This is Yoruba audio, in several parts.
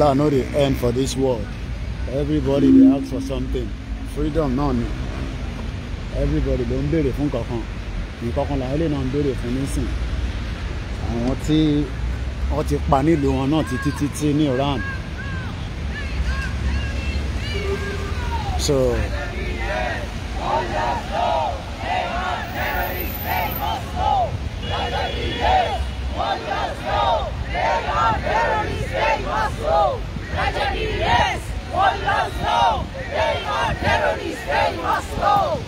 allah no the end for this world everybody dey ask for something freedom náà ni everybody ló ń béèrè fún kankan nǹkankan làwọn eléyìí náà ń béèrè fún nísìn àwọn tí wọ́n ti pa nílùú wọn náà títí títí ní Iran so. They must go!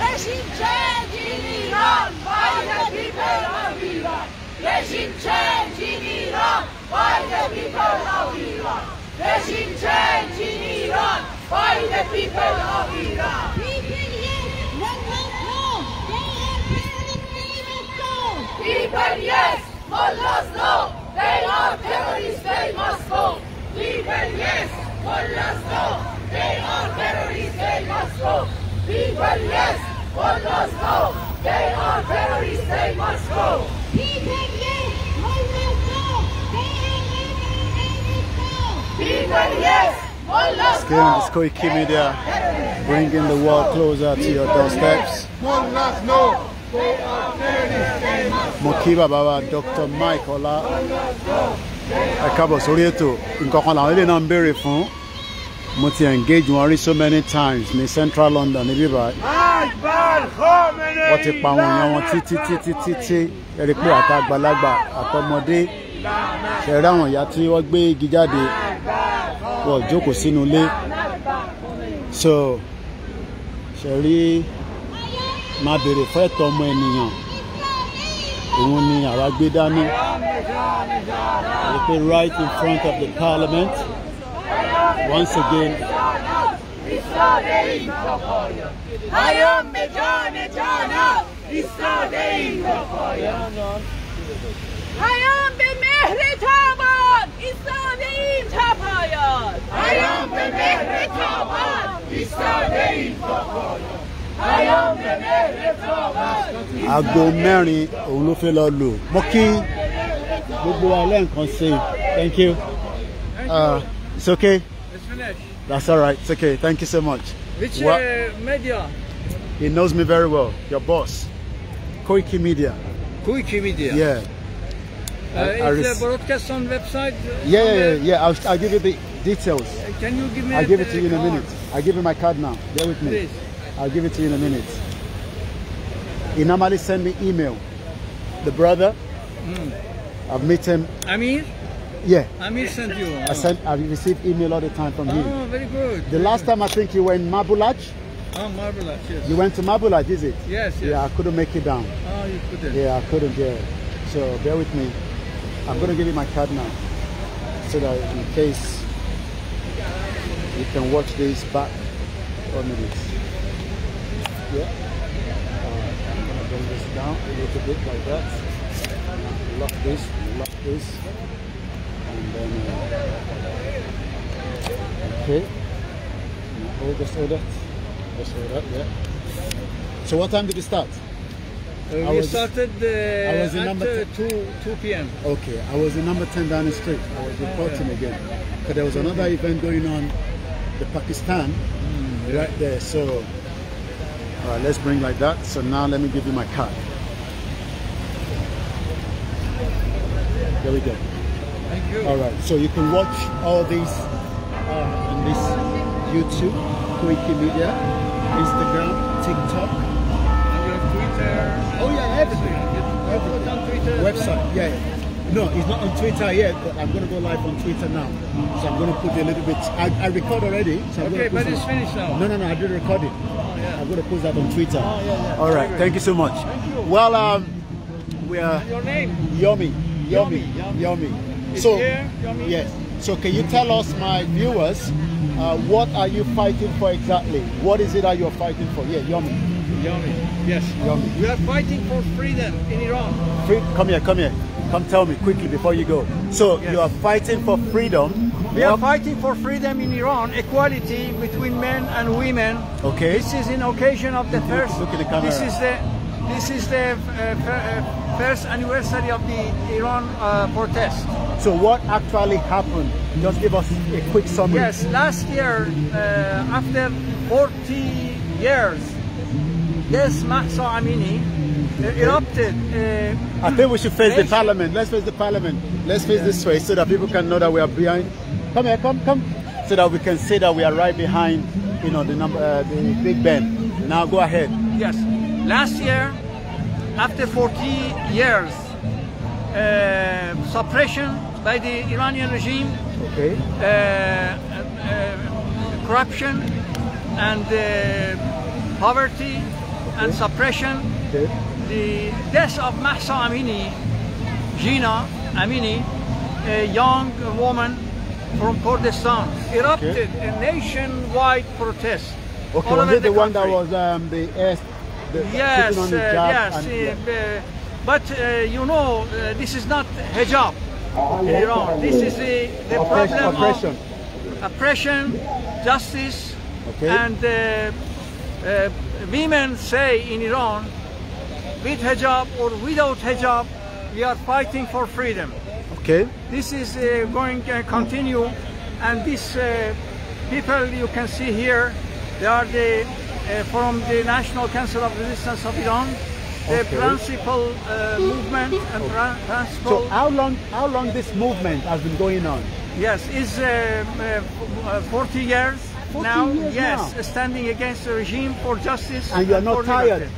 Rejim change in Iran by the people of Iran. Regime change in Iran by the people of Iran. Regime change in Iran by the people of Iran. People yes, not They they must go. People yes, mullahs no. They are terrorists, they must go. Yes, Mullahs no. They are terrorists, they must go. People, yes, Mullahs no. They are terrorists, they must go. People, yes, Mullahs no. They are terrorists, they must go. People, yes, Mullahs no. It's Koiki Media bringing the world closer to your doorsteps. Mullahs no. Mokiba Baba, Dr. Mike Ola, ẹ káàbọ̀ sórí ètò nǹkan kan làwọn ilé náà ń béèrè fún mo ti engage wọn rí so many times ní central london níbí báyìí wọ́n ti pa àwọn èèyàn wọn títí títí títí ẹ pé àtàgbàlagbà àtọmọdé ṣe àwọn ìyá tí wọ́n gbé igi jáde wọ́n jókòó sínú ilé so ṣe rí béèrè fún ẹ̀tọ́ ọmọ ènìyàn. Oun ni awa gbe right in front of the parliament. Once again. Hayam mejane jana. Isadei tapaya. Hayam be mehre taban. Isadei tapaya. Hayam be mehre taban. Isadei tapaya aago mẹ́rin òun ló fẹ́ lọ lò mo kí gbogbo wa lẹ́ẹ̀kan sí i thank you uh, it's okay it's finished that's all right it's okay thank you so much which uh, media he knows me very well your boss Koiki Media Koiki Media yeah uh, I, it's broadcast on website yeah yeah, yeah I'll, I'll give you the details can you give me I'll give it to you in a minute I'll give you my card now bear with me Please. I'll give it to you in a minute. He normally send me email. The brother, mm. I've met him. Amir? Yeah. Amir sent you. Oh. I sent. I received email all the time from oh, him. Oh, very good. The very last time I think you were in Mabulaj. Oh, Mabulaj, yes. You went to Mabulaj, is it? Yes, yes. Yeah, I couldn't make it down. Oh, you couldn't. Yeah, I couldn't. Yeah. So bear with me. I'm gonna give you my card now, so that in case you can watch this back. One minute. Yeah. Uh, I'm gonna bring this down a little bit like that. Lock this, lock this, and then uh, okay. Oh, just all that, just all that, yeah. So what time did you start? Uh, we started uh, I was in uh, 2, 2 p.m. Okay, I was in number 10 down the street. I was reporting again. Because there was another event going on, the Pakistan, mm. right there. So all right, let's bring like that. So now let me give you my card. There we go. Thank you. All right, so you can watch all these on um, this YouTube, Quickie Media, Instagram, TikTok. And your Twitter. Oh yeah, everything. everything. Website, yeah. yeah. No, it's not on Twitter yet, but I'm going to go live on Twitter now. So I'm going to put a little bit. I, I record already. So okay, but it's finished now. No, no, no. I did record it. Oh, yeah. I'm going to post that on Twitter. Oh, yeah, yeah. All right. Thank you so much. Thank you. Well, um, we are. Your name? Yomi. Yomi. Yomi. Yomi. Yomi. So, here, Yomi. yes. So, can you tell us, my viewers, uh, what are you fighting for exactly? What is it that you're fighting for? Yeah, Yomi. Yomi. Yes. Yomi. We are fighting for freedom in Iran. Free come here. Come here. Come tell me quickly before you go. So yes. you are fighting for freedom. We are fighting for freedom in Iran, equality between men and women. Okay. This is in occasion of the first. Look, look at the camera. This is the this is the uh, uh, first anniversary of the Iran uh, protest. So what actually happened? Just give us a quick summary. Yes, last year, uh, after 40 years, yes, Mahsa Amini, erupted. Uh, I think we should face the parliament. Let's face the parliament. Let's face yeah. this way so that people can know that we are behind. Come here, come, come. So that we can say that we are right behind, you know, the number, uh, the Big Ben. Now go ahead. Yes. Last year, after 40 years uh, suppression by the Iranian regime, okay. Uh, uh, uh, corruption and poverty okay. and suppression, okay the death of Mahsa Amini, Gina Amini, a young woman from Kurdistan, erupted okay. a nationwide protest. Okay, was it the, the one that was um, the, asked, the yes, uh, yes, uh, and, uh, yeah. Uh, but uh, you know, this is not hijab in Iran. This is the, the oppression, problem oppression. of oppression, justice, okay. and women say in Iran with hijab or without hijab, we are fighting for freedom. Okay. This is uh, going to continue, and these uh, people you can see here, they are the, uh, from the National Council of Resistance of Iran, the okay. principal uh, movement and okay. principal. So how long? How long this movement has been going on? Yes, is uh, uh, 40 years. 40 now, years yes, now. standing against the regime for justice. And you are not tired. Liberty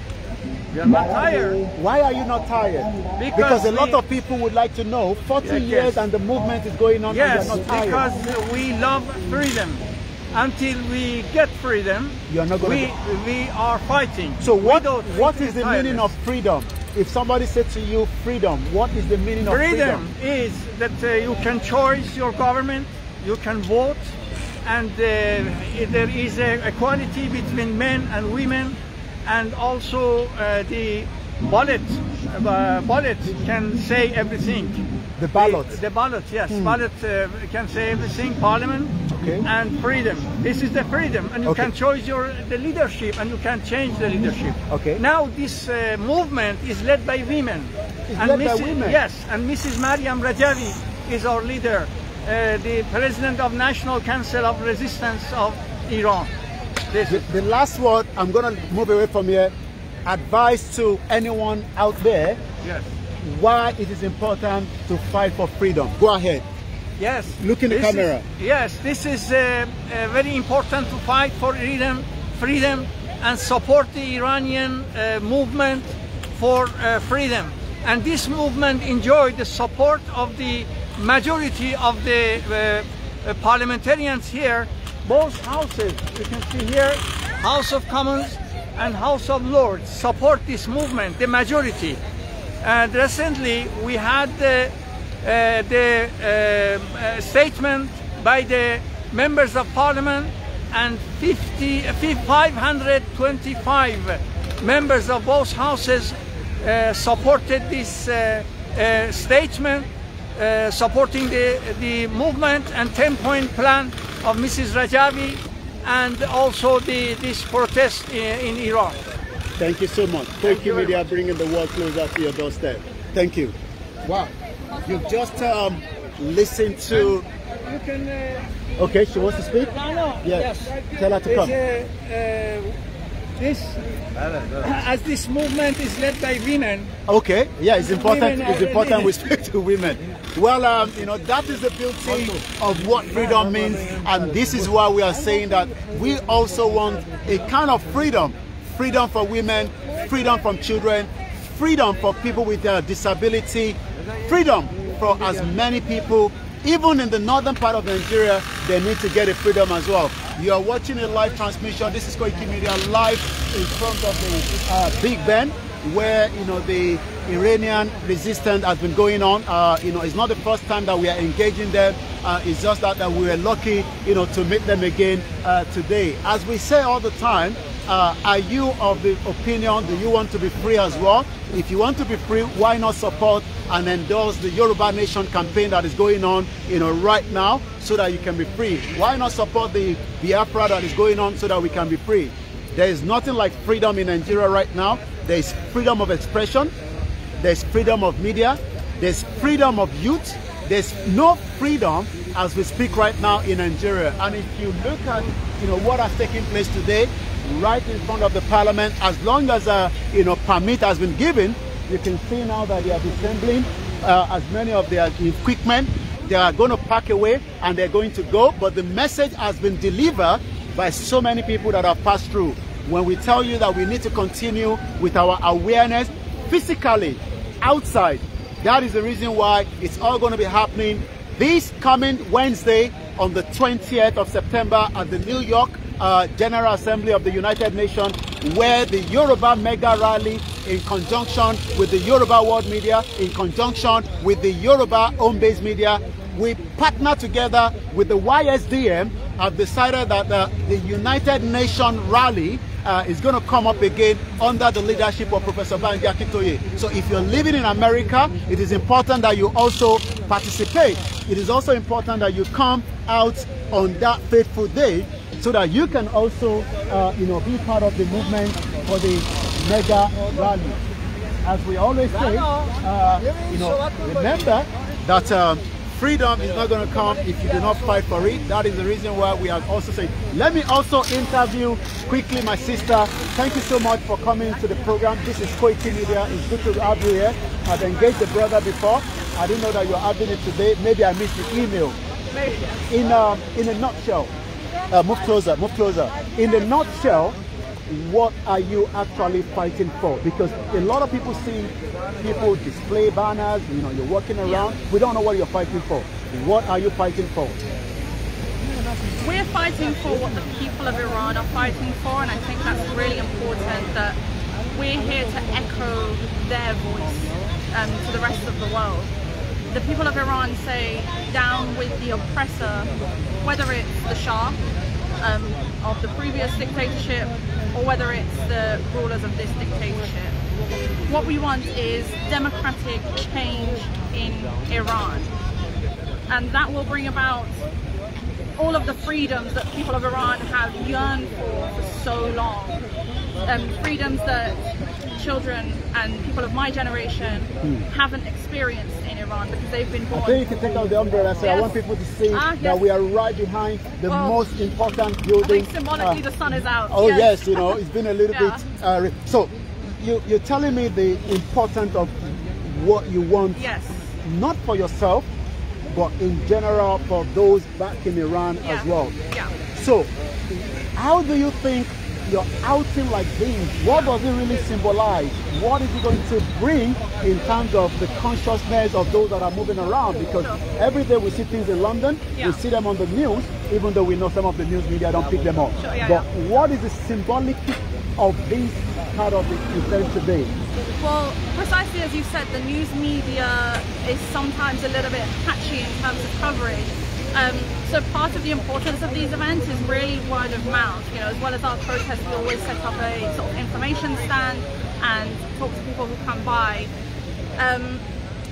you are not tired. Why are you not tired? Because, because a we, lot of people would like to know. 40 years and the movement is going on yes, because we love freedom. Until we get freedom, You're not we, we are fighting. So what, what is the tiredness. meaning of freedom? If somebody said to you, freedom, what is the meaning freedom of freedom? Freedom is that uh, you can choose your government, you can vote, and uh, there is equality between men and women, and also uh, the ballot uh, ballot can say everything the ballot the, the ballot yes hmm. ballot uh, can say everything parliament okay. and freedom this is the freedom and you okay. can choose your the leadership and you can change the leadership okay now this uh, movement is led by women it's and led mrs. by women yes and mrs mariam rajavi is our leader uh, the president of national council of resistance of iran the, the last word, I'm going to move away from here. Advice to anyone out there. Yes. Why it is important to fight for freedom. Go ahead. Yes. Look in the camera. Is, yes, this is uh, uh, very important to fight for freedom, freedom and support the Iranian uh, movement for uh, freedom. And this movement enjoyed the support of the majority of the uh, uh, parliamentarians here both houses, you can see here, House of Commons and House of Lords support this movement, the majority. And recently we had uh, uh, the, uh, the uh, statement by the members of parliament and 50, uh, 525 members of both houses uh, supported this statement supporting the, the movement and 10-point plan of Mrs. Rajavi and also the, this protest in, in Iran. Thank you so much. Thank, you, media, bringing the world closer to your doorstep. Thank you. Wow. You've just um, listened to... you can... Uh, okay, she wants to speak? No, no. Yes. yes. Tell her to come. uh, this as this movement is led by women okay yeah it's important it's important we speak to women well, um, you know, that is the beauty of what freedom means. And this is why we are saying that we also want a kind of freedom. Freedom for women, freedom from children, freedom for people with a disability, freedom for as many people. Even in the northern part of Nigeria, they need to get a freedom as well. You are watching a live transmission. This is Koiki Media live in front of the uh, Big Ben where you know the Iranian resistance has been going on. Uh, you know, it's not the first time that we are engaging them. Uh, it's just that, that we were lucky, you know, to meet them again uh, today. As we say all the time, uh, are you of the opinion? Do you want to be free as well? If you want to be free, why not support and endorse the Yoruba Nation campaign that is going on, you know, right now, so that you can be free? Why not support the Biafra that is going on, so that we can be free? There is nothing like freedom in Nigeria right now. There's freedom of expression. There's freedom of media. There's freedom of youth. There's no freedom as we speak right now in Nigeria. And if you look at you know what has taken place today, right in front of the parliament, as long as a uh, you know permit has been given, you can see now that they are assembling uh, as many of their equipment. They are going to pack away and they're going to go. But the message has been delivered by so many people that have passed through when we tell you that we need to continue with our awareness physically outside. That is the reason why it's all going to be happening this coming Wednesday on the 20th of September at the New York uh, General Assembly of the United Nations where the Yoruba Mega Rally in conjunction with the Yoruba World Media, in conjunction with the Yoruba Home-Based Media, we partner together with the YSDM, have decided that uh, the United Nations Rally uh, is going to come up again under the leadership of Professor Banji Akintoye. So if you're living in America, it is important that you also participate. It is also important that you come out on that fateful day so that you can also uh, you know, be part of the movement for the mega rally. As we always say, uh, you know, remember that um, freedom is not going to come if you do not fight for it. That is the reason why we have also said, let me also interview quickly my sister. Thank you so much for coming to the program. This is Koiki Media. It's good to have you here. I've engaged the brother before. I didn't know that you're having it today. Maybe I missed the email. In, um, in a nutshell, uh, move closer, move closer. In a nutshell, what are you actually fighting for? Because a lot of people see people display banners, you know, you're walking around. Yeah. We don't know what you're fighting for. What are you fighting for? We're fighting for what the people of Iran are fighting for, and I think that's really important that we're here to echo their voice um, to the rest of the world the people of Iran say down with the oppressor, whether it's the Shah, um, of the previous dictatorship or whether it's the rulers of this dictatorship. What we want is democratic change in Iran and that will bring about all of the freedoms that people of Iran have yearned for for so long. Um, freedoms that children and people of my generation hmm. haven't experienced in Iran because they've been born. I think you can take out the umbrella so yes. I want people to see ah, yes. that we are right behind the well, most important building. symbolically uh, the sun is out. Oh yes, yes you know, it's been a little yeah. bit... Uh, so, you, you're telling me the importance of what you want. Yes. Not for yourself, but in general for those back in Iran yeah. as well. Yeah. So, how do you think your outing like this, what does it really symbolize? What is it going to bring in terms of the consciousness of those that are moving around? Because every day we see things in London, yeah. we see them on the news, even though we know some of the news media don't pick them up. Sure, yeah, but yeah. what is the symbolic of this part of the event today? Well, precisely as you said, the news media is sometimes a little bit patchy in terms of coverage. Um, so part of the importance of these events is really word of mouth. You know, as well as our protests, we always set up a sort of information stand and talk to people who come by. Um,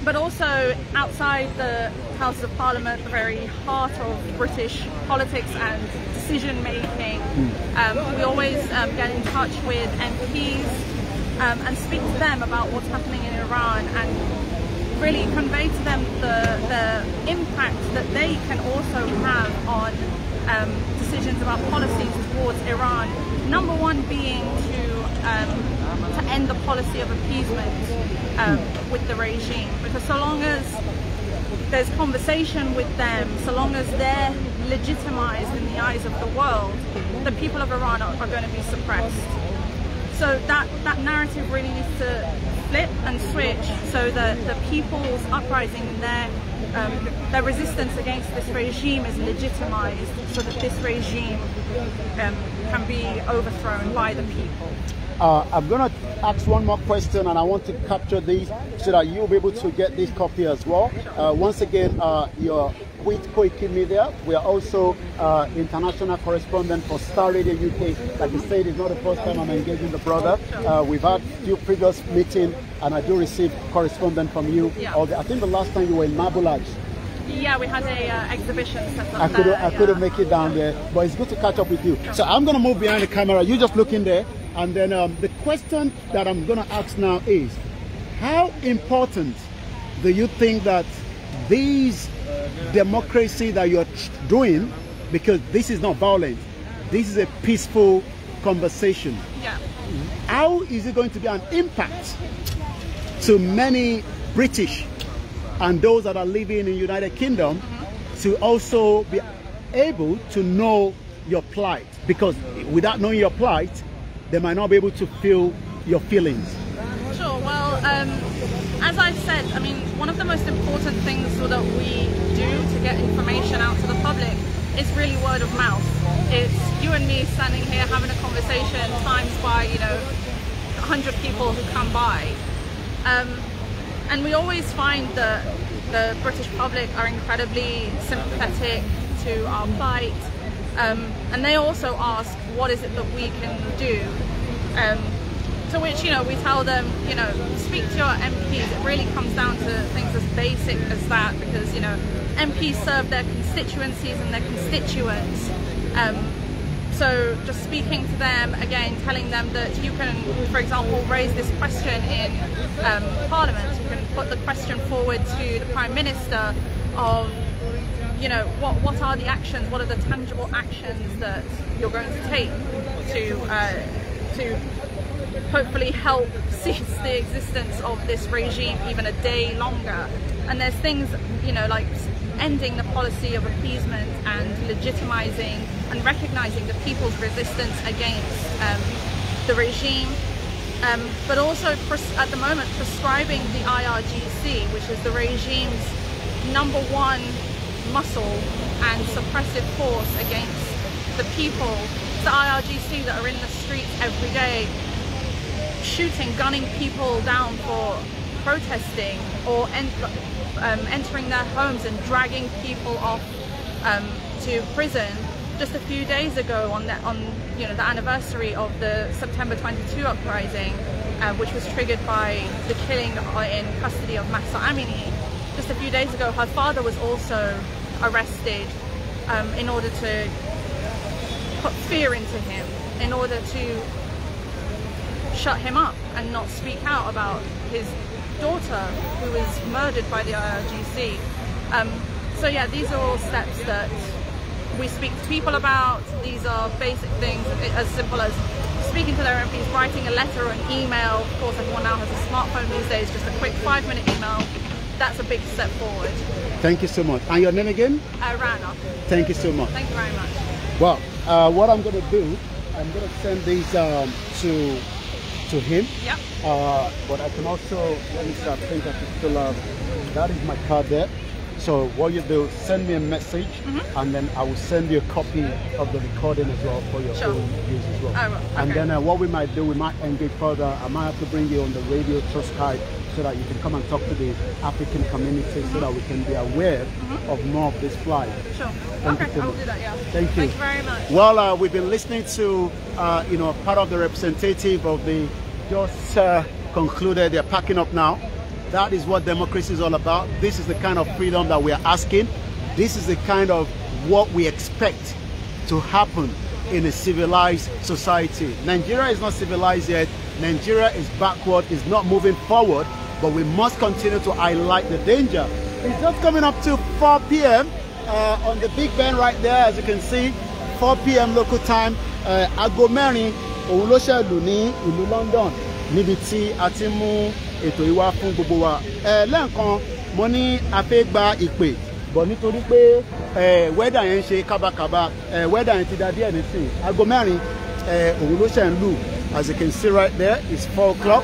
but also outside the Houses of Parliament, the very heart of British politics and decision making, hmm. um, we always um, get in touch with MPs um, and speak to them about what's happening in Iran and really convey to them the, the impact that they can also have on um, decisions about policies towards Iran. Number one being to, um, to end the policy of appeasement um, with the regime because so long as there's conversation with them, so long as they're legitimized in the eyes of the world, the people of Iran are, are going to be suppressed. So that, that narrative really needs to flip and switch so that the people's uprising and their, um, their resistance against this regime is legitimized so that this regime um, can be overthrown by the people. Uh, I'm going to ask one more question and I want to capture these so that you'll be able to get this copy as well. Uh, once again, uh, your with Koiki Media. We are also uh, international correspondent for Star Radio UK. Like you said, it's not the first time I'm engaging the brother. Uh, we've had few previous meeting, and I do receive correspondent from you. Yeah. The, I think the last time you were in Mabulaj. Yeah, we had a uh, exhibition set up I couldn't, I couldn't make it down there, but it's good to catch up with you. So I'm going to move behind the camera. You just look in there. And then um, the question that I'm going to ask now is, how important do you think that these democracy that you're doing because this is not violence. This is a peaceful conversation. Yeah. How is it going to be an impact to many British and those that are living in the United Kingdom mm -hmm. to also be able to know your plight? Because without knowing your plight, they might not be able to feel your feelings. Sure. Well, um, as I've said, I mean, one of the most important things that we do to get information out to the public is really word of mouth. It's you and me standing here having a conversation times by, you know, 100 people who come by. Um, and we always find that the British public are incredibly sympathetic to our plight. Um, and they also ask, what is it that we can do? Um, to which you know we tell them you know speak to your MPs it really comes down to things as basic as that because you know MPs serve their constituencies and their constituents um, so just speaking to them again telling them that you can for example raise this question in um, parliament you can put the question forward to the prime minister of you know what what are the actions what are the tangible actions that you're going to take to uh, to hopefully help cease the existence of this regime even a day longer. And there's things, you know, like ending the policy of appeasement and legitimizing and recognizing the people's resistance against um, the regime. Um, but also at the moment prescribing the IRGC, which is the regime's number one muscle and suppressive force against the people, the IRGC that are in the streets every day shooting, gunning people down for protesting or um, entering their homes and dragging people off um, to prison. Just a few days ago, on the, on you know the anniversary of the September 22 uprising, uh, which was triggered by the killing in custody of Mahsa Amini, just a few days ago, her father was also arrested um, in order to put fear into him, in order to shut him up and not speak out about his daughter who was murdered by the IRGC. Um, so yeah, these are all steps that we speak to people about. These are basic things as simple as speaking to their MPs, writing a letter or an email. Of course, everyone now has a smartphone these days, just a quick five minute email. That's a big step forward. Thank you so much. And your name again? Uh, Rana. Thank you so much. Thank you very much. Well, uh, what I'm going to do, I'm going to send these um, to to him. Uh, but I can also, let me think I can still have, uh, that is my card there. So what you do, send me a message, mm -hmm. and then I will send you a copy of the recording as well for your sure. own use as well. Okay. And then uh, what we might do, we might engage further. I might have to bring you on the radio trust Skype so that you can come and talk to the African community so that we can be aware mm-hmm. of more of this flight. Sure. Thank okay, I'll do that, yeah. Thank you. Thank you very much. Well, uh, we've been listening to, uh, you know, part of the representative of the just uh, concluded, they're packing up now. That is what democracy is all about. This is the kind of freedom that we are asking. This is the kind of what we expect to happen in a civilized society. Nigeria is not civilized yet. Nigeria is backward, is not moving forward. but we must continue to highlight the danger. It's just coming up to 4 p.m. Uh, on the Big Ben right there, as you can see, 4 p.m. local time, uh, aago mẹ́rin òun ló London níbi atimu a ti mú ètò yìí wá fún gbogbo wa. ẹ lẹ́ǹkan mo ní a fẹ́ gba ìpè bọ̀ nítorí pé wẹ́dà yẹn ń ṣe kábàkàbà as you can see right there it's 4 o'clock.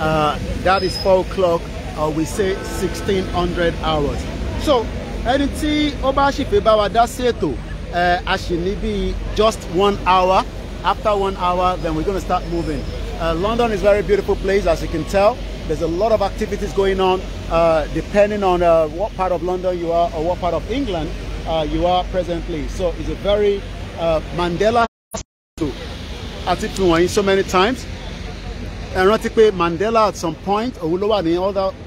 Uh, that is 4 o'clock, or uh, we say 1600 hours. So, ẹni tí over ship ṣìfẹ́ bá wa dá ṣètò uh, just one hour after one hour then we're gonna start moving. Uh, London is a very beautiful place as you can tell. There's a lot of activities going on uh, depending on uh, what part of London you are or what part of England uh, you are presently. So it's a very uh, Mandela. i so many times. ẹ rántí pé Mandela at some point òun ló wà ní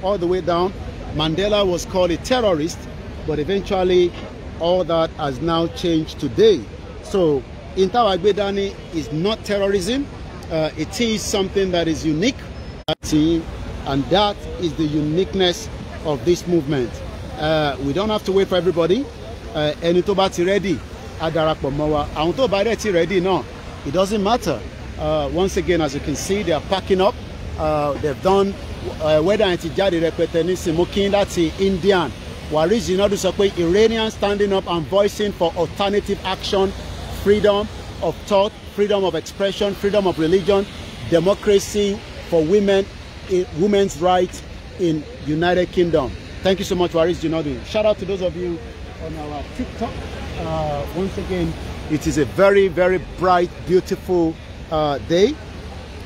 all the way down Mandela was called a terrorist but eventually all that has now changed today so intawa gbedani is not terrorism uh, it is something that is unique and that is the uniqueness of this movement uh, we don't have to wait for everybody uh, ẹni tó bá ti ready á darapọ̀ mọ́ wa àwọn tó bá dẹ̀ ti ready náà it doesn't matter Uh, once again, as you can see, they are packing up. Uh, they've done uh, whether it's ti jáde rẹpẹtẹ nísìn Indian Waris Jinadu sọ Iranians standing up and voicing for alternative action freedom of thought freedom of expression freedom of religion democracy for women women's rights in United Kingdom thank you so much Waris Jinadu shout out to those of you on our TikTok uh, once again it is a very very bright beautiful Uh, day.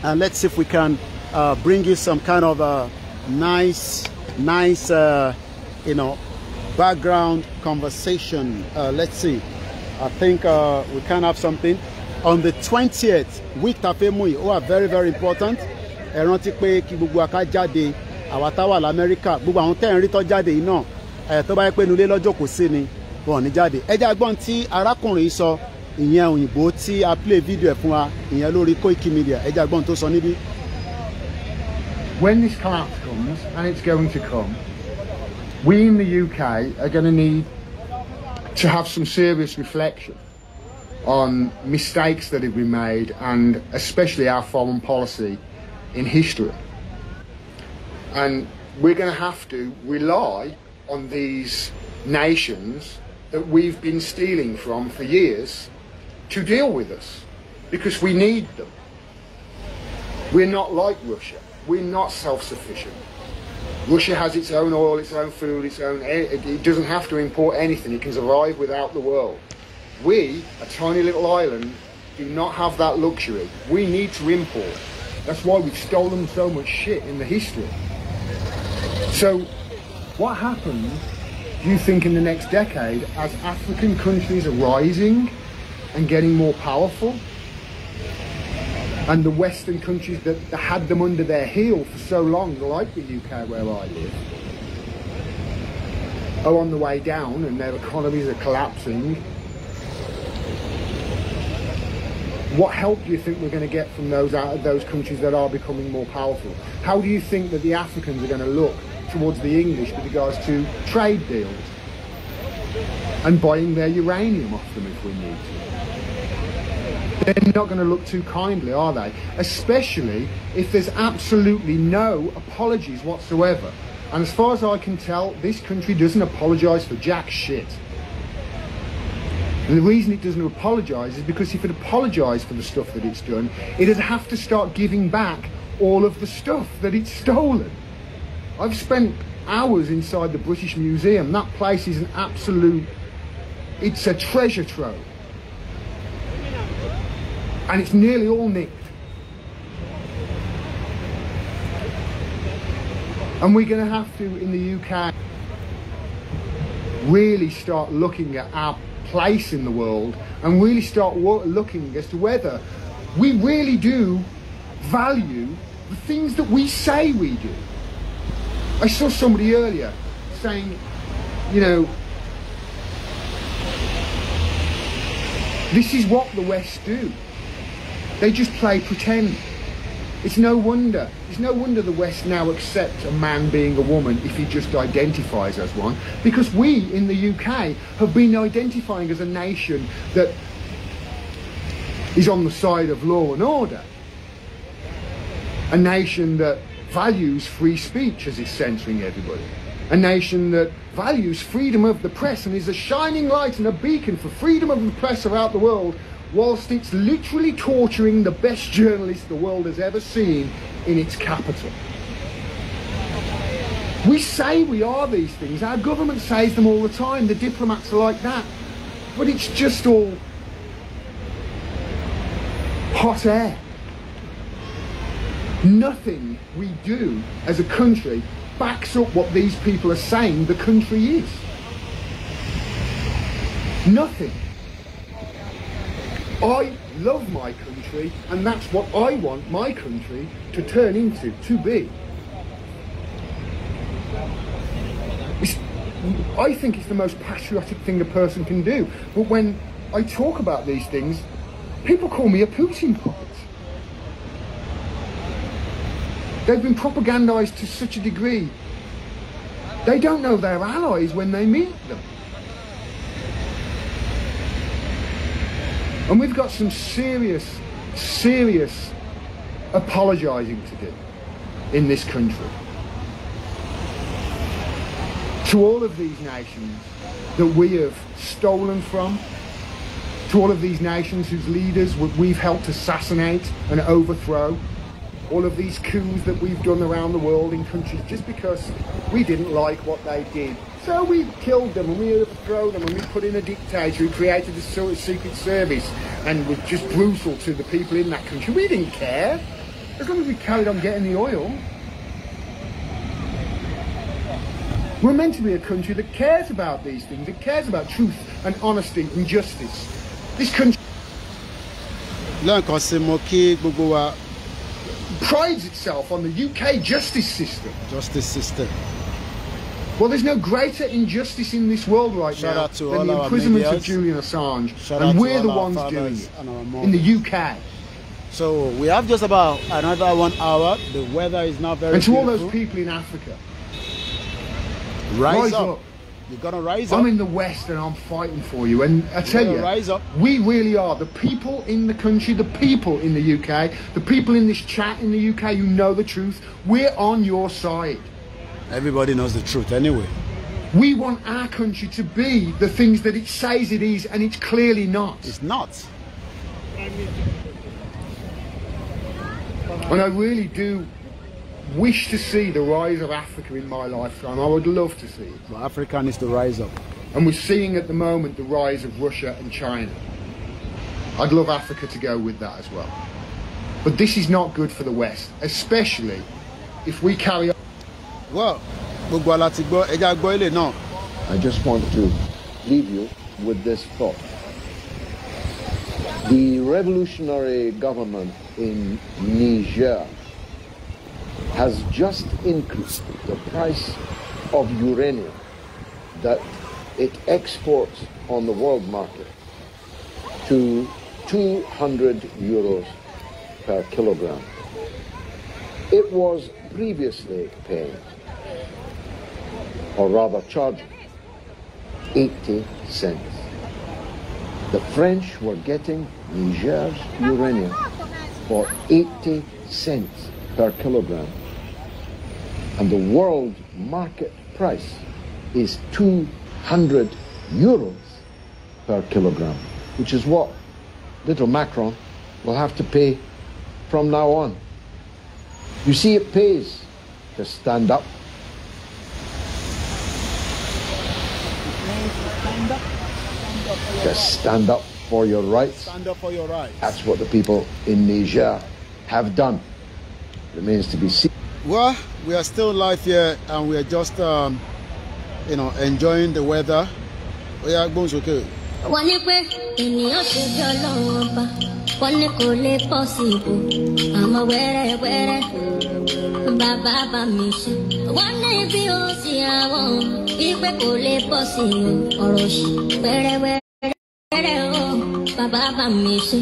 And let's see if we can uh, bring you some kind of a nice, nice, uh, you know, background conversation. let's see. I think we can have something. On the 20th, week tafemu yìí, ó very, very important. Eranti rántí pé kí gbogbo aká jáde àwa táwà lamẹ́ríkà gbogbo àwọn tẹ́ ń rí tó jáde yìí náà ẹ̀ tó bá yẹ pé nulẹ̀ lọ́jọ́ kò sí ni wọn ò ní jáde. Ẹ jẹ́ agbọ́n òyìnbó tí a play video ẹ̀ fún wa lórí Media ẹ tó sọ níbí. When this collapse comes, and it's going to come, we in the UK are going to need to have some serious reflection on mistakes that have been made and especially our foreign policy in history. And we're going to have to rely on these nations that we've been stealing from for years to deal with us because we need them. We're not like Russia. We're not self-sufficient. Russia has its own oil, its own food, its own. It doesn't have to import anything. It can survive without the world. We, a tiny little island, do not have that luxury. We need to import. That's why we've stolen so much shit in the history. So, what happens, do you think, in the next decade as African countries are rising? and getting more powerful. And the Western countries that had them under their heel for so long, like the UK where I live, are on the way down and their economies are collapsing. What help do you think we're going to get from those out of those countries that are becoming more powerful? How do you think that the Africans are going to look towards the English with regards to trade deals and buying their uranium off them if we need to? they're not going to look too kindly, are they? Especially if there's absolutely no apologies whatsoever. And as far as I can tell, this country doesn't apologise for jack shit. And the reason it doesn't apologise is because if it apologised for the stuff that it's done, it'd have to start giving back all of the stuff that it's stolen. I've spent hours inside the British Museum. That place is an absolute, it's a treasure trove and it's nearly all nicked. And we're going to have to, in the UK, really start looking at our place in the world and really start looking as to whether we really do value the things that we say we do. I saw somebody earlier saying, you know, this is what the West do. They just play pretend. It's no wonder. It's no wonder the West now accepts a man being a woman if he just identifies as one. Because we in the UK have been identifying as a nation that is on the side of law and order. A nation that values free speech as it's censoring everybody. A nation that values freedom of the press and is a shining light and a beacon for freedom of the press throughout the world whilst it's literally torturing the best journalist the world has ever seen in its capital. We say we are these things. Our government says them all the time. The diplomats are like that. But it's just all hot air. Nothing we do as a country backs up what these people are saying the country is. Nothing. I love my country, and that's what I want my country to turn into, to be. It's, I think it's the most patriotic thing a person can do. But when I talk about these things, people call me a Putin puppet. They've been propagandized to such a degree, they don't know their allies when they meet them. And we've got some serious, serious apologising to do in this country. To all of these nations that we have stolen from, to all of these nations whose leaders we've helped assassinate and overthrow, all of these coups that we've done around the world in countries just because we didn't like what they did so we killed them and we overthrew them and we put in a dictator who created the secret service and was just brutal to the people in that country. We didn't care. As long as we carried on getting the oil. We're meant to be a country that cares about these things, that cares about truth and honesty and justice. This country... prides itself on the UK justice system. justice system. Well, there's no greater injustice in this world right Shout now than the imprisonment of Julian Assange, Shout and we're the ones doing it in the UK. So we have just about another one hour. The weather is not very. And to beautiful. all those people in Africa, rise, rise up. up. You're gonna rise up. I'm in the West and I'm fighting for you. And I tell you, rise up. we really are. The people in the country, the people in the UK, the people in this chat in the UK who know the truth, we're on your side. Everybody knows the truth anyway. We want our country to be the things that it says it is, and it's clearly not. It's not. And I really do wish to see the rise of Africa in my lifetime. I would love to see it. Well, Africa needs to rise up. And we're seeing at the moment the rise of Russia and China. I'd love Africa to go with that as well. But this is not good for the West, especially if we carry on well gbogbo ala ti gbọ́ ẹja gbọ́ ilé náà. I just want to leave you with this thought. The revolutionary government in Niger has just increased the price of uranium that it exports on the world market to 200 euros per kilogram. It was previously paying or rather charging, 80 cents. The French were getting Niger's uranium for 80 cents per kilogram. And the world market price is 200 euros per kilogram, which is what little Macron will have to pay from now on. You see, it pays to stand up Stand up. Stand up Just rights. stand up for your rights. Stand up for your rights. That's what the people in Niger have done. Remains to be seen. Well, we are still live here and we are just, um, you know, enjoying the weather. We are going to okay. one kole possible. I'm a where where baba ba mi ṣe. One bi o si àwọn ipe kole possible ọ̀rọ̀ ṣe wẹ́rẹ́ wẹ́rẹ́ o baba ba mi ṣe.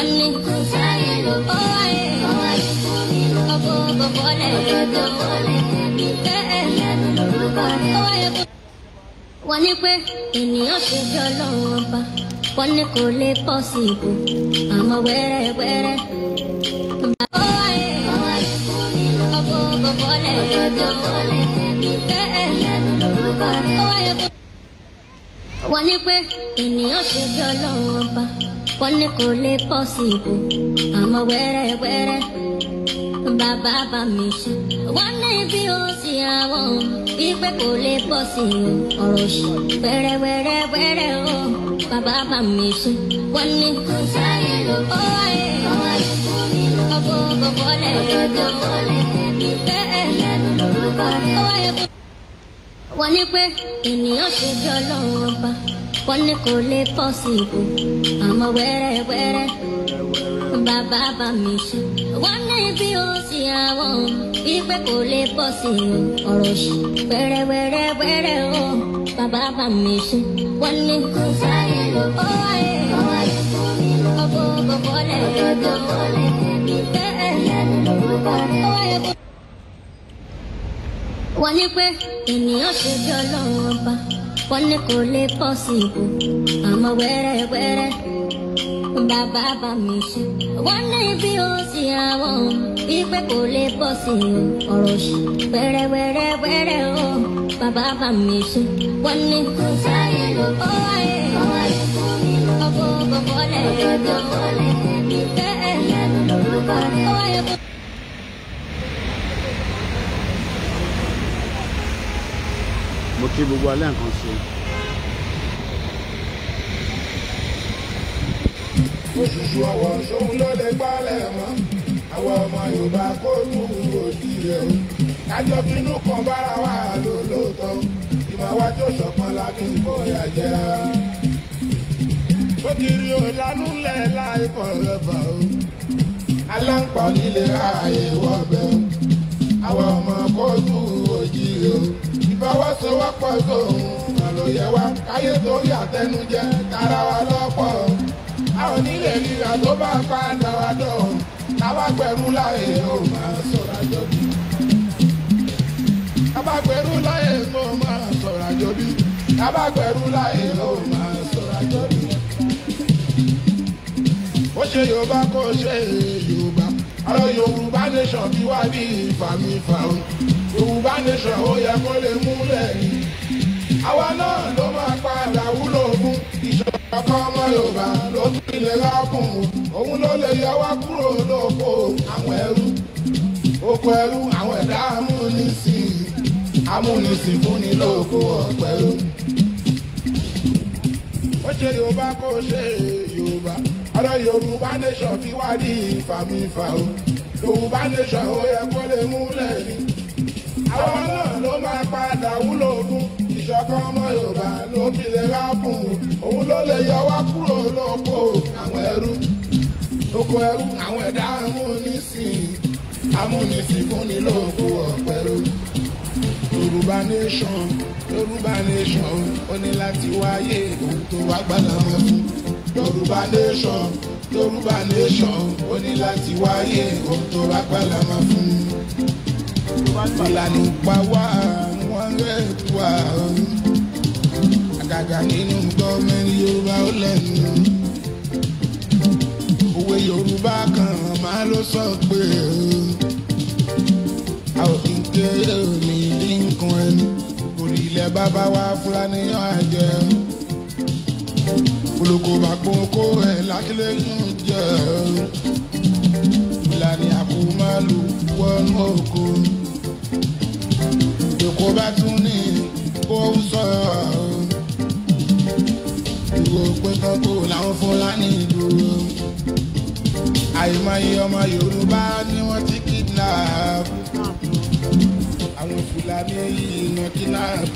One kò sáyé ló bọ́ ẹ̀ ọ̀bọ̀ bọ̀bọ̀ lẹ̀ ọ̀dọ̀ wọ́n ní pé ènìyàn ṣe bí ọlọ́run ọba wọ́n ní kò lè pọ̀ sí ibò àmọ́ wẹ́rẹ́wẹ́rẹ́. wọ́n ní pé ènìyàn ṣe bí ọlọ́run ọba wọ́n ní kò lè pọ̀ sí ibò àmọ́ wẹ́rẹ́wẹ́rẹ́ bàbá bá mi ṣe wọ́n ní bí ó sì àwọn wípé kò lè pọ̀ sí ọ̀rọ̀ ṣe wẹ́rẹ́wẹ́rẹ́wẹ́rẹ́ o ka baba misu wanne oye bobo bobole oye wọ́n ní pé ènìyàn ṣe bí ọlọ́run ọba wọ́n ní kò lè pọ̀ sí ibò àmọ́ wẹ́rẹ́wẹ́rẹ́ bàbá bá mi ṣe. wọ́n ní bí ó sì àwọn wípé kò lè bọ́ sí ọ̀rọ̀ ṣe. wẹ́rẹ́wẹ́rẹ́ o bàbá bá mi ṣe. wọ́n ní kò sáyé ló bọ́ ẹ̀ ọmọ ìfún mi ló bọ́ bọ́bọ́ lẹ̀ ọjọ́ mi bẹ́ẹ̀ lẹ́nu ló bá rẹ̀. wọ́n ní pé ènìyàn ṣe bí ọlọ́run ọba wọ́n ní kò lè bọ́ sí ipò àmọ́ wẹ́rẹ́wẹ́rẹ́ bàbá bá mi ṣe. wọ́n ní bí ó ti àwọn wípé kò lè bọ́ sí ọ̀rọ̀ ṣe. wẹ́rẹ́wẹ́rẹ́ wẹ́rẹ́ o bàbá bá mi ṣe. wọ́n ní kò sáyé ló bọ́ ayé ọkọ̀ bọ̀bọ̀lẹ̀ ọjọ́ bọ̀lẹ̀ mi bẹ́ẹ̀ lẹ́nu lórúkọ rẹ̀. mo kí gbogbo alẹ́ nǹkan ṣe. ojúṣu ọwọ́ sóun ló lè gbálẹ̀ mọ́ àwọn ọmọ Yorùbá kó lu òdì rẹ̀ o kájọ bínú kan bára wà ló lóòótọ́ ìmọ̀ wa tó ṣọ̀kan lábẹ́ ìkọ̀yà jẹ́ ó ti rí o lánúlẹ̀ láì fọ̀rẹ́fà o aláǹpọ̀ nílé ààyè wọ́bẹ̀ o àwọn ọmọ kó lu òdì rẹ̀ o ìfọwọ́sowọ́pọ̀ sóun àlòyẹ káyé tó yàtẹnujẹ tara wa lọ́pọ̀ o a ò ní lè ríra tó bá ń pa dára dọ̀ táwa gbẹ̀rú láyé ó máa sọ̀rọ̀ àjọbí. táwa gbẹ̀rú láyé ó máa sọ̀rọ̀ àjọbí. táwa gbẹ̀rú láyé ó máa sọ̀rọ̀ àjọbí. ó ṣe Yorùbá kó ṣe Yorùbá ọ̀rọ̀ Yorùbá nation bí wá bí ìfàmì ìfàmì Yorùbá nation ó yẹ kó lè múlẹ̀ yìí àwa náà ló ọmọ ọmọ yorùbá ló ń pilẹ̀ lákùn òun ló lè yọ wá kúrò lóko àwọn ẹrú oko ẹrú àwọn ẹ̀dá amúnisìn amúnisìn fúnni lóko ọ̀pẹ̀rú. ó ṣe yorùbá kó ṣe yorùbá ọ̀rọ̀ yorùbá nation fi wá di ìfàmìfà o yorùbá nation ó yẹ kó lè múlẹ̀ ni àwọn náà ló máa padà wúlò fún ìṣọ̀kan ọmọ Yorùbá ló pilẹ̀ ráàpùn òun ló lè yọ wá kúrò lóko àwọn ẹrú lóko ẹrú àwọn ẹ̀dá amúnisìn amúnisìn fúnni lóko ọ̀pẹ̀rú Yorùbá nation Yorùbá nation ó ní láti wáyé ohun tó wá gbàdá wọn fún Yorùbá nation Yorùbá nation ó ní láti wáyé ohun tó wá gbàdá wọn fún Ìlànà ìpawá hundred wà ó àgàgà nínú gọ́ọ̀mẹ́ntì Yorùbá ó lẹ́nu òwe Yorùbá kan máa ló sọ pé a ò kí n kéré òní ní nǹkan ẹni orí bàbá wa Fúlàní yàn á jẹ olóko bá kókó ẹ̀ lákìlẹ̀ yàn jẹ Fúlàní àkómọ́lù wọnú òkú kó bá tún ní kó sọ ìwò pé kọ́kọ́ làwọn Fúlàní dúró àìmọye ọmọ Yorùbá ni wọ́n ti kidnap àwọn Fúlàní yìí náà kidnap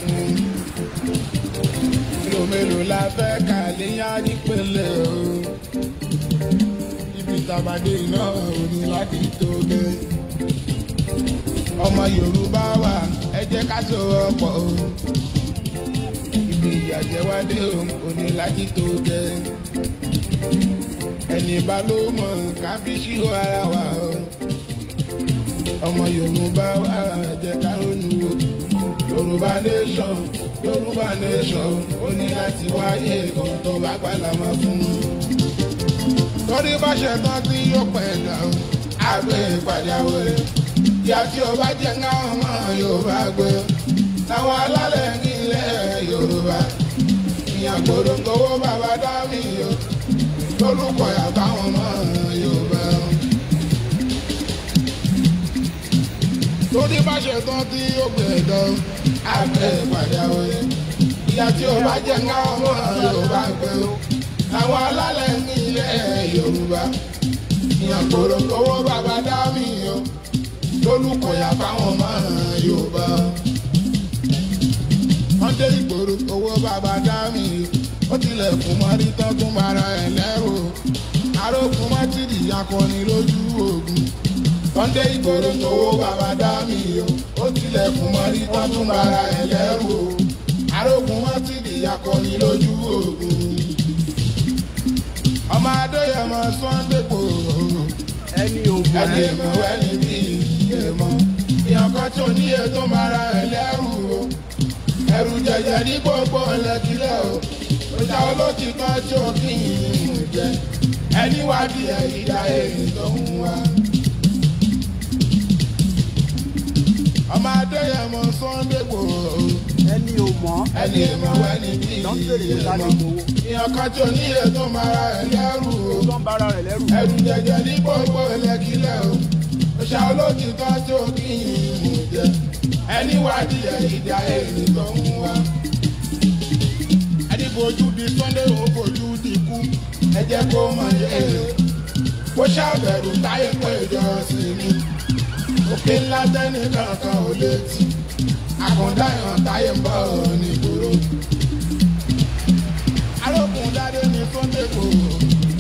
mélòó mélòó la fẹ́ kà léyà nípele o ibi tàbádé náà ò ní láti tó bẹ́ẹ̀ ọmọ Yorùbá wa ẹ jẹ́ ká so ọ̀pọ̀ o ibi ìyàjẹ́wádé o onílàjì tó jẹ ẹni bá ló mọ̀ kábíyèsí ara wa o ọmọ Yorùbá wa ẹ jẹ́ ká ronú o Yorùbá nation Yorùbá nation ó ní láti wáyé ọ̀tọ̀ bá pàlámọ́ fún un torí bá ṣe tán tí yóò pẹ̀lú àgbẹ̀ ìpàdé e àwòrán ìyá tí o bá jẹ ká ọmọ Yorùbá gbé táwọn alálẹ̀ nílẹ̀ Yorùbá ìyàn gbòdògbòwò bàbá dámì yó lórúkọ̀ yàtọ̀ àwọn ọmọ Yorùbá. torí bá ṣe tán tí ó gbé ẹ̀dọ́ àgbẹ̀ ìpàdáwé ìyá tí o bá jẹ ká ọmọ Yorùbá gbé táwọn alálẹ̀ nílẹ̀ Yorùbá ìyàn gbòdògbòwò bàbá dámì yó tólùkọ̀yà káwọn máa Yorùbá. wọ́n dé ìgboro owó bàbá dá mi ó tilẹ̀ fún mọ́rí tán tún bára ẹ̀ lẹ́rù arógun mátìrì akọni lójú ogun. wọ́n dé ìgboro owó bàbá dá ó tilẹ̀ fún mọ́rí tán tún ẹ̀ lẹ́rù arógun mátìrì akọni lójú ogun. ọmọ adóyẹmọ Sunday Igboho ẹni òmù ẹni èmù ẹni bí èmù èèyàn kan tí ò níye tó máa ra ẹlẹ́rù o ẹrù jẹjẹ ní gbogbo ẹlẹ́kílẹ̀ o ọjà olókìkọ́ tí ò kí yìnyín jẹ ẹni wá bí ẹ̀yìdá èyí tó ń wá. ọmọ adéyẹmọ Sunday Igboho ẹni ò mọ̀ ẹni ìmọ̀ ẹni bí ìyè lọ ìyàn kan tí ò ní ilé tó ń bara rẹ̀ lẹ́rù o tó ń bara rẹ̀ lẹ́rù ẹ̀rù jẹjẹ ní gbogbo ẹlẹ́kílẹ̀ o òṣà olókìtọ́ tí ó kí ìyìn jẹ ẹni wádìí ẹ̀ ìdí ayé ìlú tó ń wá ẹni fojú di Sunday ó fojú di kú ẹ jẹ́ kó mọ̀ yé kó ṣàbẹ̀rù táyé pé ìjọ sí mi òkè ńlá tẹ́nìkankan ò lè tì í àkàndá èèyàn táyé ń bọ̀ ní ìgboro. arókùn dáadé ni sunday kò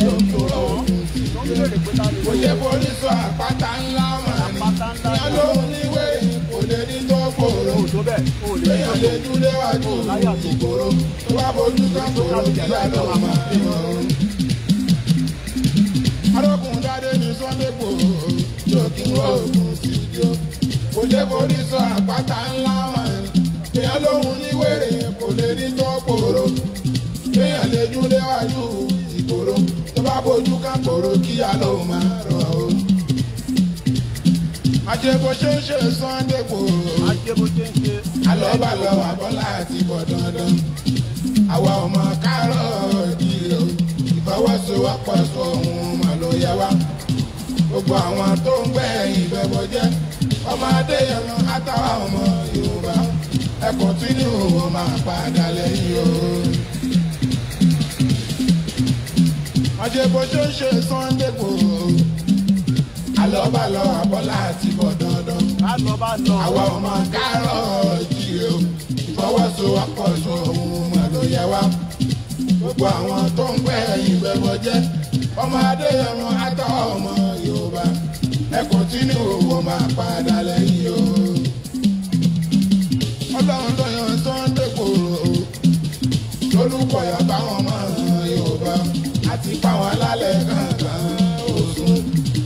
ló ń tó lọ́wọ́. kò yẹ borí sọ àpáta ńlá mọ̀ ní ìyá ló níwé kò lè ní tó kòrò. èèyàn lè dúlé wájú ìgboro tó bá bójú kan kòrò ìyá ló máa ń mọ̀. arókùn dáadé ni sunday kò ló ń tó lọ́wọ́ kò lè forí sọ àpáta ńlá wọn èèyàn lòun ní wèrè kò lè ní tó kòrò èèyàn lè dúlé wájú ìkòrò tó bá bójú ká kòrò kí aló máa rọ o. àjẹbó ṣe ń ṣe Sunday Igboho àjẹbó ṣe ń ṣe alọ́bàlọ́ àbọ́lá àti bọ̀ dandan àwa ọmọ kárọ̀ ìdílé o ìfọwọ́sowọ́pọ̀ sọ ohun ọmọ ló yẹ wá gbogbo àwọn tó ń gbẹ̀yìn ìbẹ̀wọ̀ jẹ́ ọmọ adéyẹmọ àtàwọn ọmọ yorùbá ẹkùn tí ní òwò máa padà lẹ́yìn o. àjẹbọ tó ń ṣe Sunday Igboho àlọ́bàlọ́ àbọ́lá àti bọ̀ dandan àwa ọmọ kárọ̀ jíire o ìfọwọ́sowọ́pọ̀ sọ ohun màlúyẹ wa gbogbo àwọn tó ń pẹ́ ìgbẹ́bọ jẹ́ ọmọ adéyẹmọ àtàwọn ọmọ yorùbá ẹ kọ́ntínú owó máa padà lẹ́yìn o. ọlọ́run tó yan Sunday Igboho lólùkọ̀yà báwọn máa yan Yorùbá àti páwọn alálẹ̀ kankan òsùn.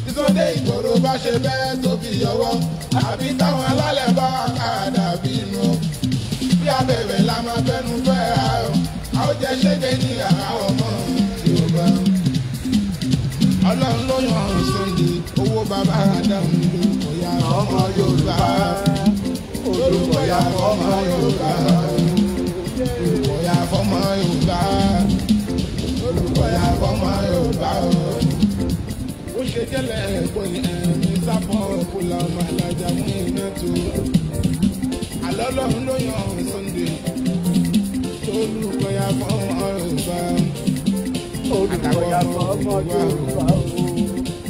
tí Sunday Igboho bá ṣe bẹ́ẹ̀ tó fi yọwọ́ àbí táwọn alálẹ̀ bá kàdà bínú. bí abẹ̀rẹ̀ la máa fẹ́nu fẹ́ ra o a ó jẹ́ ṣẹ́gẹ́ ní àwọn ọmọ ọlọ́run ló yàn án sóde owó bàbá àdáhùn olùkọ́yà ọmọ yorùbá olùkọ́yà ọmọ yorùbá olùkọ́yà ọmọ yorùbá olùkọ́yà ọmọ yorùbá ó ṣe tẹ́lẹ̀ ẹ̀kọ́ ni ẹ̀mí sábọ̀ kó la ọmọ alájà mú iná tó àlọ́ ọlọ́run ló yàn án sóde olùkọ́yà ọmọ yorùbá olùkọ́yà ọmọ yorùbá.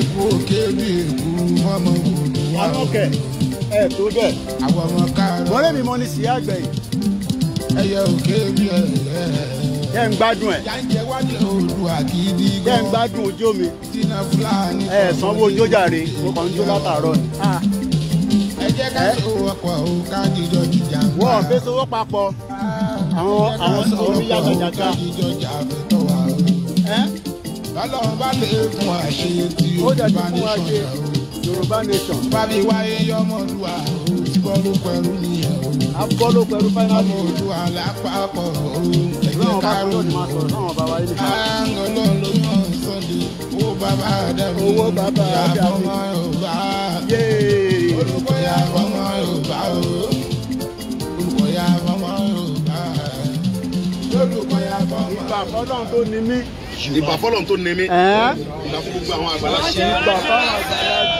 ikú òkè bí ikú ọmọ òdù wa. ọlọkẹ ẹ tó bẹ́ẹ̀. àwọn ọmọ káàárọ̀. wọlé mi mọ ní sí àgbẹ̀ yìí. ẹyẹ òkè bí ẹyẹ. jẹ́ ń gbádùn ẹ̀. yáǹjẹ wá ní olú àkìdí gan. jẹ́ ń gbádùn ọjọ́ mi. tina fúlàní. ẹ sanwó ojó jàre mo kàn ń jó látàárọ̀ ni. Ah. ẹ jẹ́ ká ṣe owó ọkọ̀ o ká jíjọ jíjà. wọ́n fẹsẹ̀ owó papọ̀ ah. àwọn àwọn oníyàtọ̀ jàgà. ẹ bọ́lọ́run bá lè fún àṣẹ tí Yorùbá nation rẹ̀ o. wáyé ọmọlúwa o pẹ̀lú nìyẹn A bọ́ ló pẹ̀lú fáínàlì. Ọmọlúwa lápapọ̀ o. Ẹ̀yẹ kárò ní. Àǹgọ̀ náà ló yàn Sunday. Owó bàbá Adamu. Owó bàbá Adamu. Ìyá ọmọ Yorùbá. Olùkọ́ ya ọmọ Yorùbá o. Olùkọ́ ya ọmọ Yorùbá. Olùkọ́ ya ọmọ Yorùbá. Ìgbà fọlọ́run tó ní mí ìgbà fọlọ́n tó ní mi ìgbà fún gbogbo àwọn àgbàlagbà. ìgbà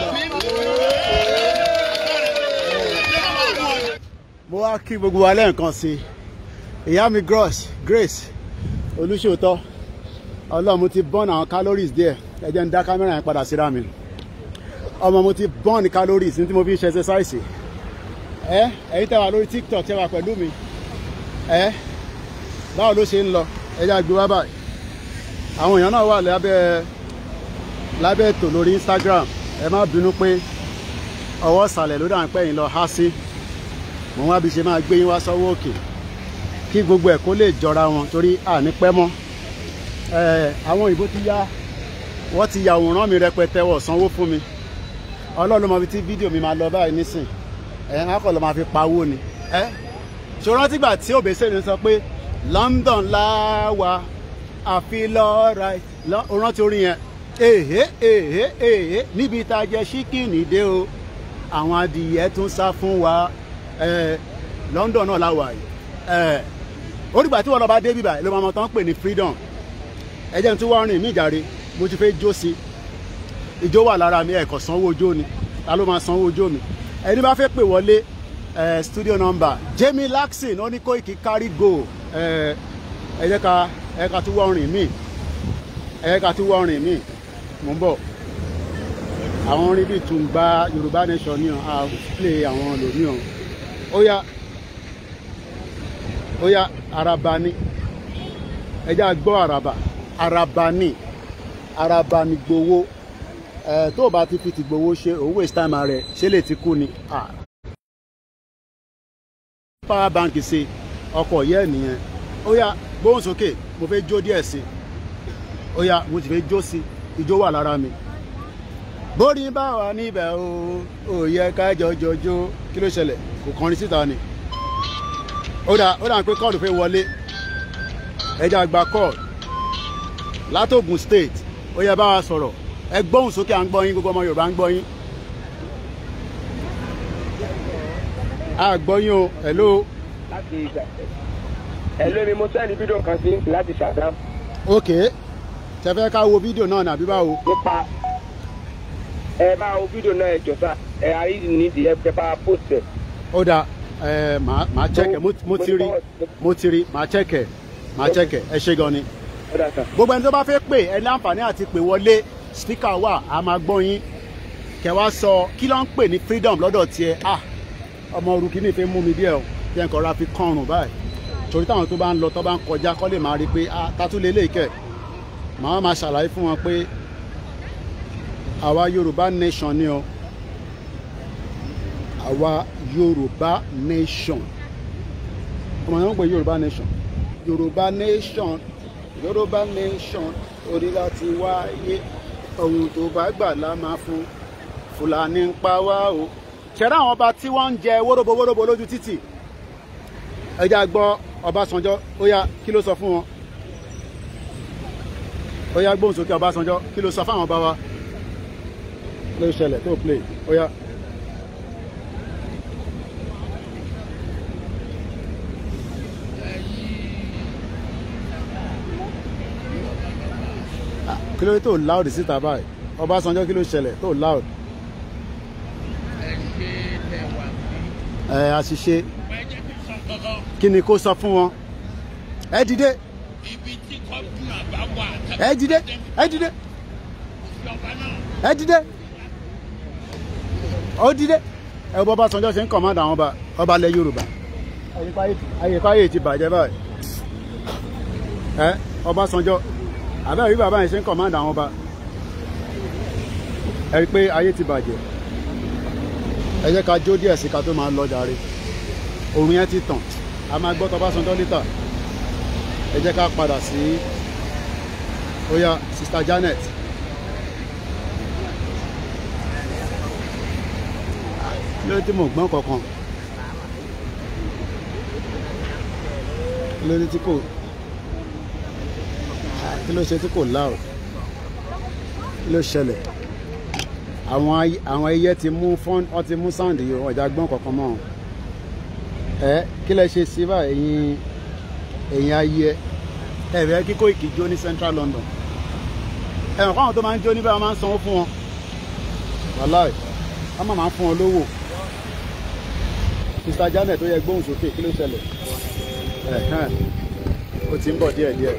mo wá kí gbogbo wa lẹ́ẹ̀kan sí i ìyá mi gross grace olùṣòótọ́ ọlọ́run mo ti burn àwọn calories díẹ̀ ẹ jẹ́ ń dá kámẹ́rà yẹn padà síra mi ọmọ mo ti burn calories ní tí mo fi ń ṣe exercise ẹ ẹ̀yin tẹ́ wà lórí tiktok tẹ́ wà pẹ̀lú mi ẹ báwo ló ṣe ń lọ ẹ jẹ́ àgbéwá báyìí àwọn èèyàn náà wà lábẹ́ lábẹ́ ètò lórí Instagram ẹ má bínú pé ọwọ́ ìsàlẹ̀ ló dà ń pẹ́ yín lọ há sí mo wá bí ṣe máa gbé yín wá sọ́wọ́ òkè kí gbogbo ẹ̀ kó lè jọra wọn torí àní pẹ́ mọ́ àwọn òyìnbó ti yá wọ́n ti yàwòrán mi rẹpẹtẹ wọ̀ sanwó fún mi ọlọ́run mọ̀ tí fídíò mi máa lọ báyìí nísìn ẹ̀ á kọ̀ lọ́ máa fi pawó ni ṣòro rántí gbà tí òbẹ́sẹ̀ mi sọ pé London la wà I feel alright o rántí orin yẹn èhé èhé èhé níbi tá a jẹ ṣíkìnì dé o àwọn adìyẹ tún sá fún wa London náà láwà yìí orígbà tí wọn lọ bá dé bíbá ló máa mọ tán pè ní freedom ẹ jẹ́ n tún wá rìn mí ìjàre mo ti fẹ́ jó sí ìjó wà lára mi ẹ̀kọ́ sanwó ojó ni ta ló máa sanwó ojó mi ẹni bá fẹ́ pè wọlé studio number Jamie Laxin oníkóìkì carry go ẹ jẹ́ ká ẹ̀ka tó wá orin míì ẹ̀ka tó wá orin mi, mò ń bọ̀ àwọn orin bíi tùǹgbà yorùbá nation ni à ń plé àwọn lòmí o ó yá ó yá araba ni ẹ já gbọ́ araba araba ni araba ni gbowó ẹ tó o bá ti fi ti gbowó ṣe òun waste time rẹ ṣé lè ti kú ni power bank ṣe ọkọ̀ yẹ́ nìyẹn ó yá gbóhùn sókè. Okay mo fẹ́ jó díẹ̀ sí ó yá mo sì fẹ́ jó sí ijó wà lára mi bórí bá wà níbẹ̀ o ò yẹ ká jọjọjó kí ló ṣẹlẹ̀ kò kọrin síta ni ó dà ó dà ń pé kọ́ọ̀lù fẹ́ wọlé ẹja gba kọ́ọ̀lù látògùn state ó yẹ bá wa sọ̀rọ̀ ẹ gbóhùn sókè à ń gbọ́ yín gbogbo ọmọ Yorùbá ń gbọ́ yín à gbọ́ yín o hello ẹ̀lú mi mo sẹ́ni fídíò kan sí láti ṣàdám. ok ṣe fẹ́ ká wo fídíò náà nàbí báwo. nípa ẹ bá wo fídíò náà ẹ jọ̀sà ẹ ayé nídìí ẹ fẹ́ bá a post ẹ. ó dáa ẹ màá chẹ́kẹ̀ mo ti rí mo ti rí màá chẹ́kẹ̀ màá chẹ́kẹ̀ ẹ ṣe gan ni. gbogbo ẹni tó bá fẹ́ pè ẹ ní àǹfààní àti pè wọlé spíkà wà á máa gbọ́ yín kẹ sọ kí ló ń pè ní freedom lọ́dọ̀ tiẹ̀ ah ọmọ orúkí ní ìfẹ́ mú mi díẹ̀ o kí ẹ̀ ń kọ́ra fi kọrùn báyìí torí táwọn tó bá ń lọ tó bá ń kọjá kọ́ lè máa rí i pé ah tatúlé lè kẹ̀ màá máa ṣàlàyé fún wọn pé àwa Yorùbá nation ni o àwa Yorùbá nation ọmọ yẹn ń pè Yorùbá nation Yorùbá nation Yorùbá nation orí láti wáyé ohun tó bá gbà la máa fún Fúlàní ń pa wá o ṣẹ̀rá àwọn ọba tí wọ́n ń jẹ wóróbó wóróbó lójú títì ẹja gbọ́ Ọbásanjọ́ ó yá kí ló sọ fún wọn ó yá gbóhùn sókè Ọbásanjọ́ kí ló sọ fáwọn ọba wa ló ṣẹlẹ̀ tó play ó yá. kí ló tó loud síta báyìí Ọbásanjọ́ kí ló ṣẹlẹ̀ tó loud. ẹ ṣe tẹwàá sí. ẹ àṣìṣe kí ni kó sọ fún wọn ẹ dìde ẹ dìde ẹ dìde ẹ dìde ó dìde ẹ bọ́ Ọbásanjọ́ ṣe ń kọ̀mọ́dà àwọn ọba ọba ilẹ̀ Yorùbá àyíká yìí ti bàjẹ́ báyìí ẹ Ọbásanjọ́ àbẹ́rẹ́ bí bàbá yẹn ṣe ń kọ̀mọ́dà àwọn ọba ẹ rí i pé ayé ti bàjẹ́ ẹ jẹ́ ká jó díẹ̀ sí ká tó máa lọ jàre òrùn yẹn ti tàn a máa gbọ́ tọ́básanjọ́ níta ẹ jẹ́ ká padà sí oya sista Janet. lórí tí mo gbọ́n kankan lórí tí kò kí ló ṣe tí kò láàrú kí ló ṣẹlẹ̀ àwọn ẹyẹ ti mú fọ́n ọ ti mú sáǹdì ọjà gbọ́n kankan mọ́ ọ ẹ kí lẹ ṣe sí báyìí ẹ̀yin ẹ̀yin ayé ẹ kíkó ìkìjó ní Central London ẹ̀wọ̀n fáwọn tó máa ń jó níbẹ̀ wọ́n máa ń sanwó fún wọn wàláì wọ́n máa máa ń fún wọn lówó Mr. Janet tó yẹ gbóhùn sókè kí ló ṣẹlẹ̀ ẹ̀hẹ́n ó ti ń bọ̀ díẹ̀díẹ̀.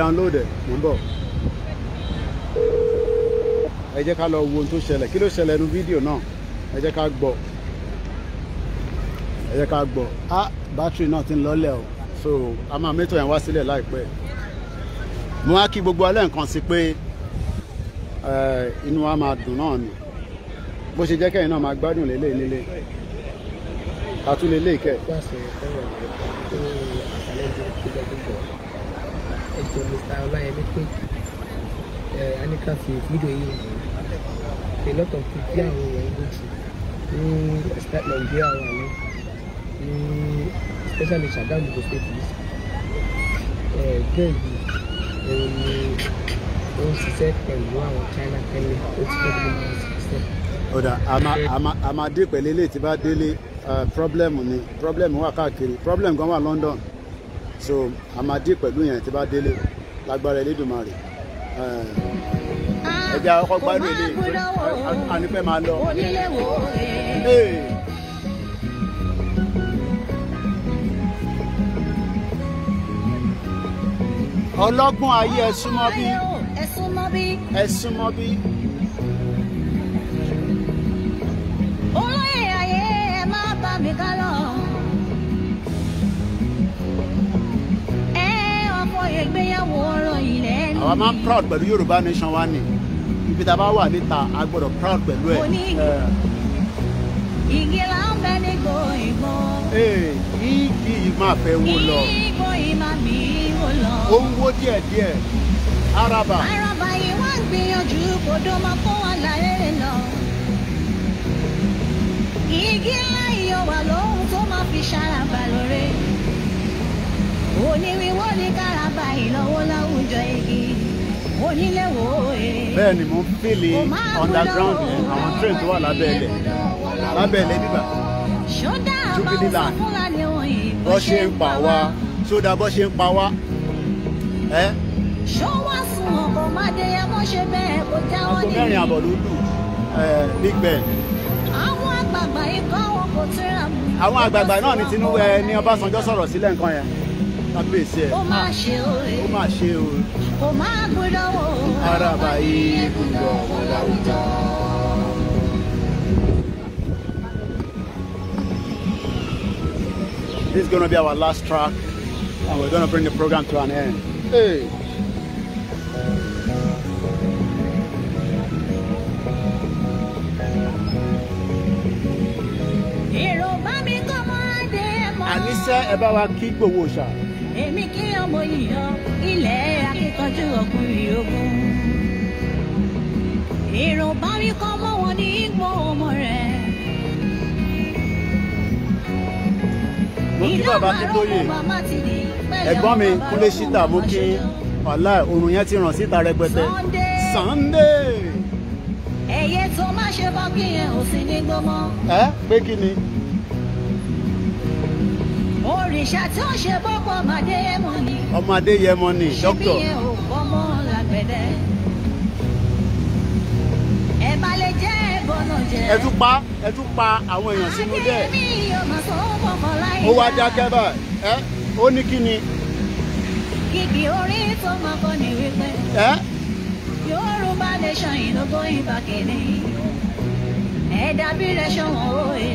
download ẹ̀ mò ń bọ̀ ẹ jẹ́ ká lọ wo ohun tó ṣẹlẹ̀ kí ló ṣẹlẹ̀ nu fídíò náà ẹ jẹ́ ká gbọ́ ẹ jẹ́ ká gbọ́ á bátìrì náà ti ń lọ́lẹ̀ o so a máa mẹ́tọ̀ yẹn wá sílẹ̀ láìpẹ́ mo wá kí gbogbo alẹ́ nǹkan sí pé inú wa máa dùn náà ni bó ṣe jẹ́ kẹ́yìn náà máa gbádùn lélẹ̀ nílé àtúnlélẹ̀ kẹ́ ẹjọ́ Mr. Ọláyẹmí pé ẹ anika fi fídíò yìí hàn a lot of people bí àwọn èèyàn ń gbòjì ní expect wà ní ní especially Ṣàgámù tó state police ẹ gẹ́ẹ̀ yìí òun ni ó ń ṣiṣẹ́ pẹ̀lú àwọn China tẹ́lẹ̀ ó ti fẹ́ bí wọ́n ọ̀dà àmàdé pẹ̀lú eléyìí ti bá délé problem ni problem wà káàkiri problem gan wà London so a máa dí pẹ̀lú yẹn tí bá délé lágbára Elédùmarè ah, ẹja ọkọ gbádùn èlé ànípẹ́ máa lọ. ọlọ́gbọ́n ayé ẹ súnmọ́ bí ẹ súnmọ́ bí. àwa máa ń proud pẹ̀lú yorùbá nation wa ni ibi tá a bá wà níta a gbọ́dọ̀ proud pẹ̀lú ẹ̀. igi eh. la ń bẹ ní gbòǹgbò. ee eh, igi yìí máa fẹ́ wó lọ. igbó yìí máa mi wó lọ. ó ń wó díẹ̀díẹ̀ araba. araba yìí wá ń gbìyànjú kó máa kó wa láyé lọ. igi ńlá wà lóhun tó máa fi ṣàràbà lóore oníwíwó ní káràbà bẹ́ẹ̀ ni mo ń fèlè underground yẹn àwọn train tó wà lábẹ́ ilẹ̀ lábẹ́ ilẹ̀ bíbà jubileland bó ṣe ń pa wá sódà bó ṣe ń pa wá. ṣó wá sùn ọkọ̀ mẹ́rin àbọ̀ ló lù big ben. àwọn àgbààgbà ikọ̀ wọn kò tíra mú. àwọn àgbààgbà náà ni Tinubu ẹ ní Ọbásanjọ́ sọ̀rọ̀ sílẹ̀ nǹkan yẹn. máa ṣe o. ó máa ṣe o. se máa gbodo gbodo This is going to be our last track, and we're going to bring the program to an end. Hey. àníṣe ẹ bá wa èmi kí ọmọ ìyọ ilẹ̀ akíkanjú ọkùnrin ogun. èrò bá wí kọ́ mọ́ wọn ní gbọ́ ọmọ rẹ̀. mo kí bàbá Akíntóyè ẹ̀gbọ́n mi Kúnlé Ṣítà mo kí wàhálà oòrùn yẹn ti ràn síta rẹpẹtẹ Sunday. ẹyẹ tó má ṣe bọ́ kí yẹn ò sí ní gbọ́mọ. ẹ pé kí ni òrìṣà tó ń ṣe bọ́pọ̀ ọmọdé yẹmọ ni. ọmọdé yẹmọ ni dókítà. ṣé bí yẹn ò fọmọ làgbẹ̀dẹ. ẹ má lè jẹ́ ẹ̀bọ̀nà jẹ́. ẹ tún pa ẹ tún pa àwọn èèyàn sínú dẹ. ó wá dákẹ́ bá ẹ ó ní kí ni. kìkì orí tó máa kọ́ ni wípé. ẹ. Yorùbá lè ṣan ìlú bóyìnbá kìíní. ẹ̀dá bí ṣan wọn òye.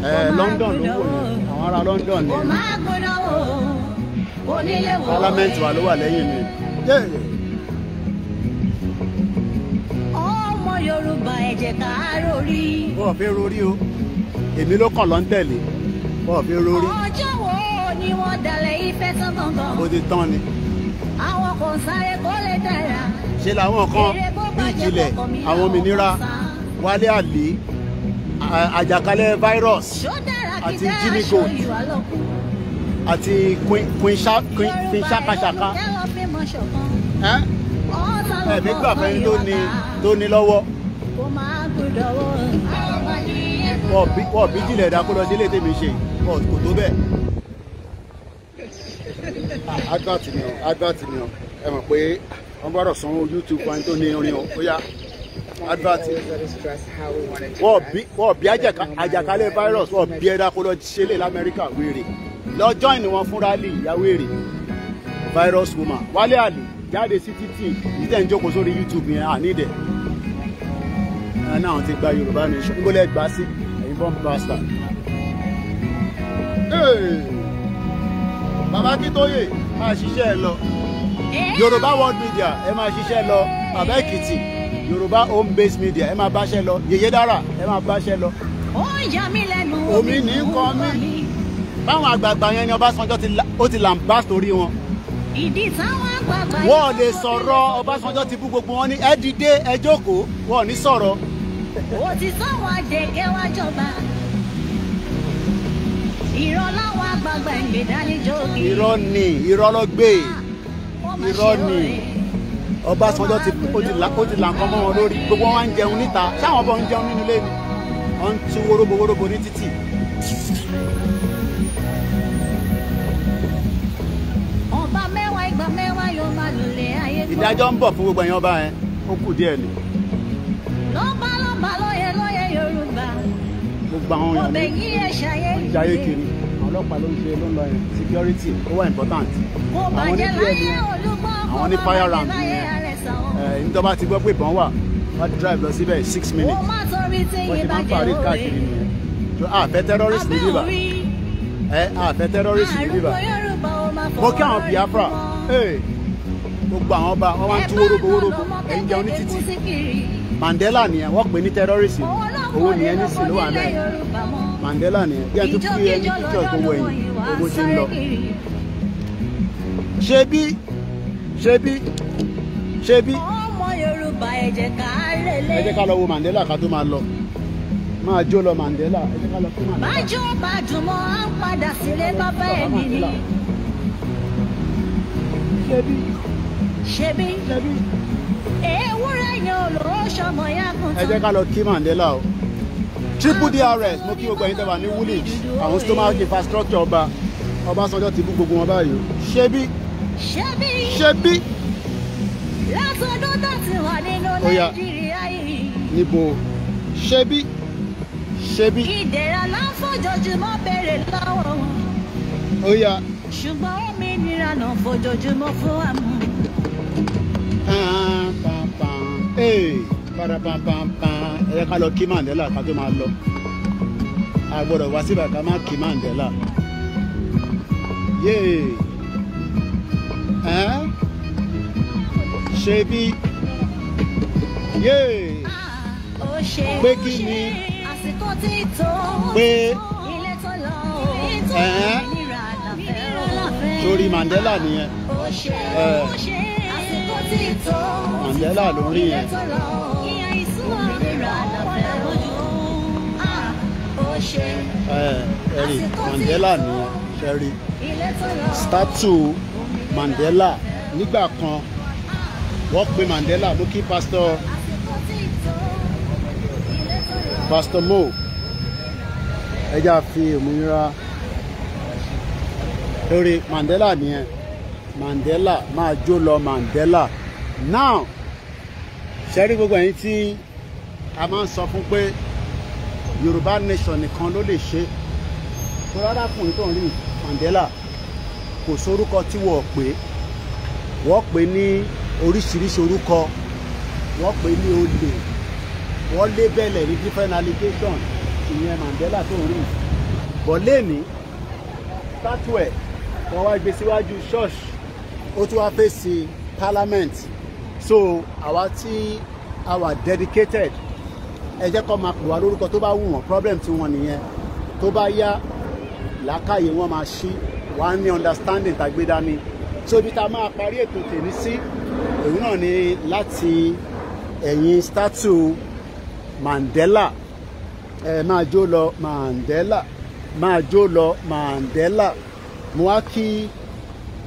London ló wò ní àwọn ará London ní parliament wa ló wà lẹ́yìn mi. ọmọ Yorùbá ẹ jẹ́ ká rórí. wọ́n fi rórí o èmi ló kàn lọ ń tẹ̀lé wọ́n fi rórí. ọjọ́ wo ni wọ́n dalẹ̀ ìfẹ́ tán gangan. ó ti tán ni. àwọn kò sáré kó lè dára. ṣe làwọn kan bí ìjìnlẹ̀ àwọn òmìnira Wálé Àlè àjàkálẹ̀ virus àti Jimmy Gold àti queen ṣàkàṣàkà ẹ̀mí gbà fẹ́ ló ní tó ní lọ́wọ́ wọ́n bí jìnlẹ̀ ẹ̀dá kó lọ délé tèmi ṣe kò tó bẹ́ẹ̀. advert ni o advert ni o ẹ mọ̀ pé wọ́n gbọ́dọ̀ sanwó YouTube fún ẹni tó ní orin o ó yá advert. wọ́n bí wọ́n bí àjàkálẹ̀ virus wọ́n bí ẹ̀dá kó lọ ṣẹlẹ̀ lamẹ́ríkà wéèrè lọ join wọn fún rally ìyàwó èrè virus woman wálé àlè jáde sí títì ìdílé ìjókòó sórí youtube yẹn ànídẹ̀ náà ti gba yorùbá nation ń gbọ́lẹ̀ gbà sí ẹ̀yin bomb blaster. bàbá kítóyè máa ṣiṣẹ́ ẹ lọ eh? yorùbá world media ẹ máa ṣiṣẹ́ lọ bàbá èkìtì yorùbá home based media ẹ máa báṣẹ́ lọ yèyé dára ẹ máa báṣẹ́ lọ. ó yà mí lẹ́nu omi ní kọ́ mi. báwọn àgbààgbà yẹn ni ọbásanjọ́ ó ti làǹbá torí wọn. ìdí táwọn àgbààgbà yẹn. wọ́n lè sọ̀rọ̀ ọbásanjọ́ ti bú gbogbo wọn ní ẹ dìde ẹ jókòó wọ́n ní sọ̀rọ̀. ó ti sọ̀wọ́n àjẹkẹ́ wájọba irọ́ láwọn àgbààgbà ń gbé jókòó. irọ́ ni irọ́ ló gbé ah, irọ́ ni. Ọbásanjọ́ ti ó ti là ó ti là nǹkan mọ́ wọn lórí gbogbo wọn ń jẹun níta sáwọn ọba ń jẹun nínú ilé ni wọ́n ti wóróbo wóróbo ní títì. ọba mẹ́wàá ìgbà mẹ́wàá yóò máa lulẹ̀ ayé tó. ìdájọ́ ń bọ̀ fún gbogbo ẹ̀yàn ọba yẹn ó kù díẹ̀ ni. lọ́ba lọ́ba lóye lóye Yorùbá. gbogbo àwọn èèyàn ní wọ́n jayé kiri ọlọ́pàá ló ń ṣe ló security ó wà important. kò bàjẹ́ láyé olúmọ àwọn ní fire round yẹn ẹni eh, tó bá ti gbọ́ pé ìbọn wà wọ́n ti drive lọ síbẹ̀ six minutes wọ́n ti máa ń parí káàkiri nìyẹn so àfẹ́ terrorist ní bíbà ẹ àfẹ́ terrorist ní bíbà mo kí àwọn Biafra eh, gbogbo àwọn ọba wọn máa ń tú wórógbówórógbó ẹ̀yin jẹun ní títì Mandela nìyẹn wọ́n pè ní terrorist owó nìyẹn ní sílò wà náà Mandela nìyẹn bí ẹni tó fi ẹni picture tó wọ ẹ̀yìn owó ti ń lọ ṣebí ṣebí ṣé bí. ọmọ yorùbá ẹ jẹ́ ká relé. ẹ jẹ́ ká lọ wo mandela ká tó máa lọ máa jó lọ mandela ẹ jẹ́ ká lọ fún mandela. bájú bá dùn mọ́ à ń padà sílé bàbá ẹ̀ nìyí. ṣé bí. ṣé bí. ṣé bí. ewúrẹ́ yẹn olóró ṣọmọ ya kún tán. ẹ jẹ́ ká lọ kí mandela o triple drs mo kí gbogbo ẹ̀yin tẹ́ wà ní woolwich àwọn stomach infrastructure ọba ọbásanjọ́ ti bú gbogbo wọn báyìí o ṣé bí. ṣé bí. ṣé bí látọdún tó ti wà nínú nàìjíríà yìí. níbo ṣebí ṣebí. ìdẹ̀ra láǹfọ̀jọ́júmọ́ béèrè lọ́wọ́ wọn. ó yá. ṣùgbọ́n òmìnira náà fojoojúmọ́ fún wa mú. ẹ ká lọ kí Mandela ká tó máa lọ a gbọ́dọ̀ wá síbà ká má kí Mandela yéè. Yeah ṣe bí ah, pé kí ni pé torí Mandela nìyẹn Mandela ló rí yẹn. ẹ̀rí ah, Mandela nìyẹn ṣe rí statue Mandela nígbà kan wọ́n pe Mandela mo kí pastor pastor Mo ẹja fi òmìnira lórí Mandela nìyẹn Mandela máa jó lọ Mandela now ṣẹ́rí gbogbo ẹ̀yin tí a máa ń sọ fún pé Yorùbá nation nìkan ló lè ṣe tó rárá kùnrin tó rí Mandela kò sórúkọ tí wọ́n pè wọ́n pè ní oríṣiríṣi orúkọ wọ́n pè ní olè wọ́n lé bẹ́lẹ̀ ní different allegation ìyẹn Mandela tó rí bọ́lẹ́ẹ̀ni tátù ẹ̀ wọ́n wá gbé síwájú ṣọ́ọ̀ṣì ó tún wá fèsì parliament so àwa tí our dedicated ẹ jẹ́ kó máa pè wá lórúkọ tó bá wù wọ́n problem tí wọ́n nìyẹn tó bá yá làákàyè wọn máa ṣí wàá ní understanding tàgbé dání so ibi tá a máa parí ètò tèmi sí. Si, òun náà ni láti ẹ̀yìn statue Mandela ẹ máa jó lọ Mandela máa jó lọ Mandela mo wá kí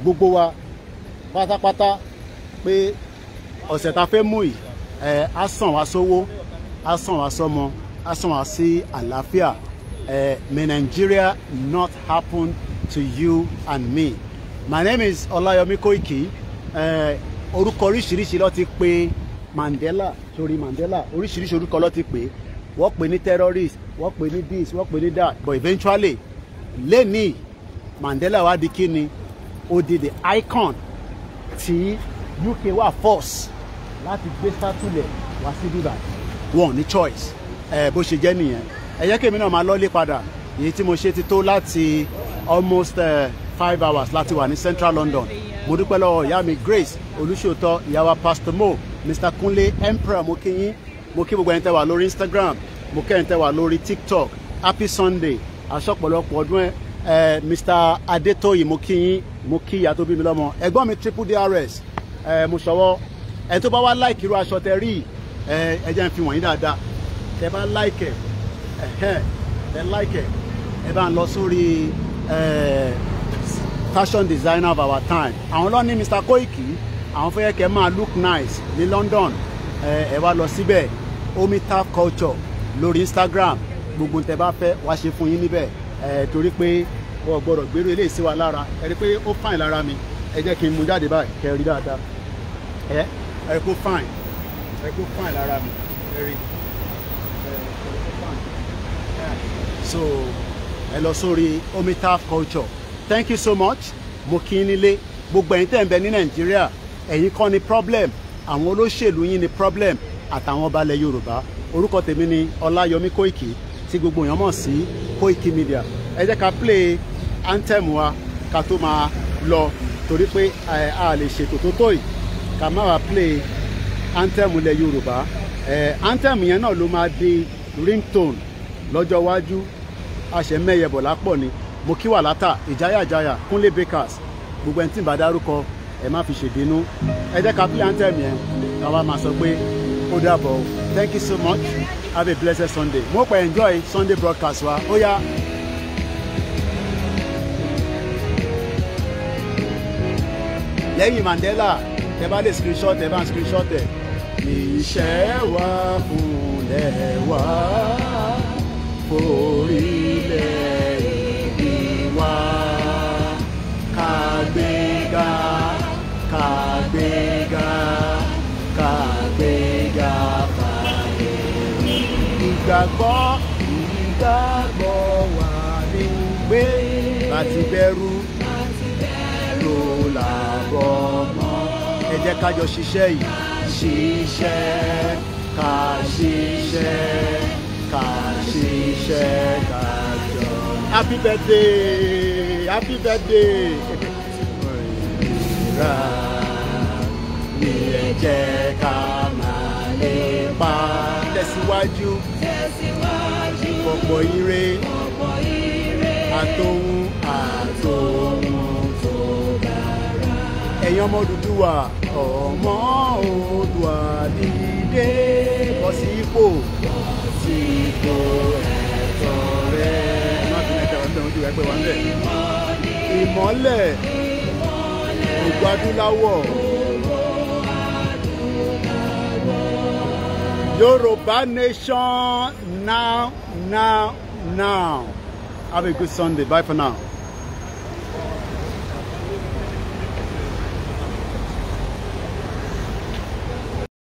gbogbo wa pátápátá pé ọ̀sẹ̀ tá fẹ́ mú yìí ẹ á sàn wá sówó á sàn wá sọ́mọ á sàn wá sí àlàáfíà ẹ may Nigeria not happen to you and me. My name is Olayomi Koiki. Uh, orúkọ oríṣiríṣi ló ti pe Mandela sorry Mandela oríṣiríṣi orúkọ ló ti pe. wọ́n pè ní terrorist wọ́n pè ní this wọ́n pè ní that but eventually lẹ́nìí Mandela wa di kíni odi the icon ti UK wà force láti gbé sátúlẹ̀ wá sí bíbá wọn ní choice ẹ bó ṣe jẹ́ nìyẹn ẹ jẹ́ kémi náà máa lọ́lé padà èyí tí mo ṣe ti tó láti almost uh, five hours láti wà ní central London mo dúpẹ́ lọ́wọ́ ìyá mi Grace Olúṣòótọ́ ìyá wa Pastor Mo Mr Kunle Emperor mo kí yín mo kí gbogbo ẹni tẹ́ lórí Instagram mo kẹ́yìn tẹ́ wà lórí TikTok Happy Sunday aṣọ́pọ̀lọpọ̀ ọdún ẹ Mr Adetoyi mo kí yín mo kí ìyá tó bí mi lọ́mọ ẹ̀gbọ́n mi Triple DRS ẹ mo ṣọwọ́ ẹ tó bá wá láìkì irú aṣọ tẹ rí ẹ ẹ jẹ́ n fi wọ̀nyí dáadáa tẹ bá láìkẹ̀ ẹ bá ń lọ sórí fashion designer of our time àwọn ló ní Mr Koiki àwọn fẹ́ kẹ́ máa look nice ní London eh, ẹ wá lọ síbẹ̀ omi culture lórí Instagram gbogbo tẹ bá fẹ́ wá ṣe fún yín níbẹ̀ ẹ eh, torí pé wọ́n gbọ́dọ̀ gbèrú eléyìí sí wa lára ẹ rí i pé ó fine lára mi ẹ jẹ́ kí n mú jáde báyìí kẹ́ eh, ẹ rí dáadáa ẹ ẹ kó fine ẹ kó fine lára mi ẹ rí so ẹ lọ sórí omi culture thank you so much mo kí yín nílé gbogbo ẹ̀yin tẹ̀ ń bẹ ní nàìjíríà ẹ̀yin kọ́ ni problem àwọn olóṣèlú yín ni problem àtàwọn balẹ̀ yorùbá orúkọ tèmi ni ọláyọmí kóìkì tí gbogbo èèyàn mọ̀ sí kóìkì media ẹ jẹ́ ká play anthem wa ká tó máa lọ torí pé a lè ṣètò tó tó yìí ká má wàá play anthem ilẹ̀ yorùbá anthem yẹn náà ló máa di ringtone lọ́jọ́ iwájú àṣẹ mẹ́yẹ̀bọ̀ lápọ̀ ni mokiwalata ìjáyàjáyà kúnlé bakers gbogbo ẹni tí ń bá dárúkọ ẹ má fi ṣèbínú ẹ jẹ́ ká pílà ń tẹ̀mí ẹ káwa máa sọ pé ó dàbọ̀ thank you so much have a blessed sunday mo pẹ̀ enjoy sunday broadcast wa ó yá. Yeah. lẹ́yìn Mandela tẹ bá lè screenshot ẹ bá ń screenshot ẹ. iṣẹ́ wa kúnlẹ̀ wá forí. gbéga ká gbéga fàyè mi. ìgbàgbọ́ ìgbàgbọ́ wà ní gbé láti bẹ̀rù ló ẹ jẹ́ ká jọ yìí. ṣiṣẹ́ ká ṣiṣẹ́ ká ṣiṣẹ́ ká jọ. happy birthday happy birthday ni ẹ jẹ́ ká máa lè pa. tẹ̀síwájú tẹ̀síwájú ọ̀pọ̀ ire ọ̀pọ̀ ire àtòhun àtòhun tó dára. ẹ̀yin ọmọ Odùduwà ọmọ Oòduà dìde bọ́ sí ipò. bọ́ sí ipò ẹ̀tọ́ rẹ. má fi mẹ́ta ọdún ojú ẹgbẹ́ wa ń bẹ̀. ìmọ́lẹ̀ ìmọ́lẹ̀ ògùn Yoruba Nation now, now, now. Have a good Sunday. Bye for now.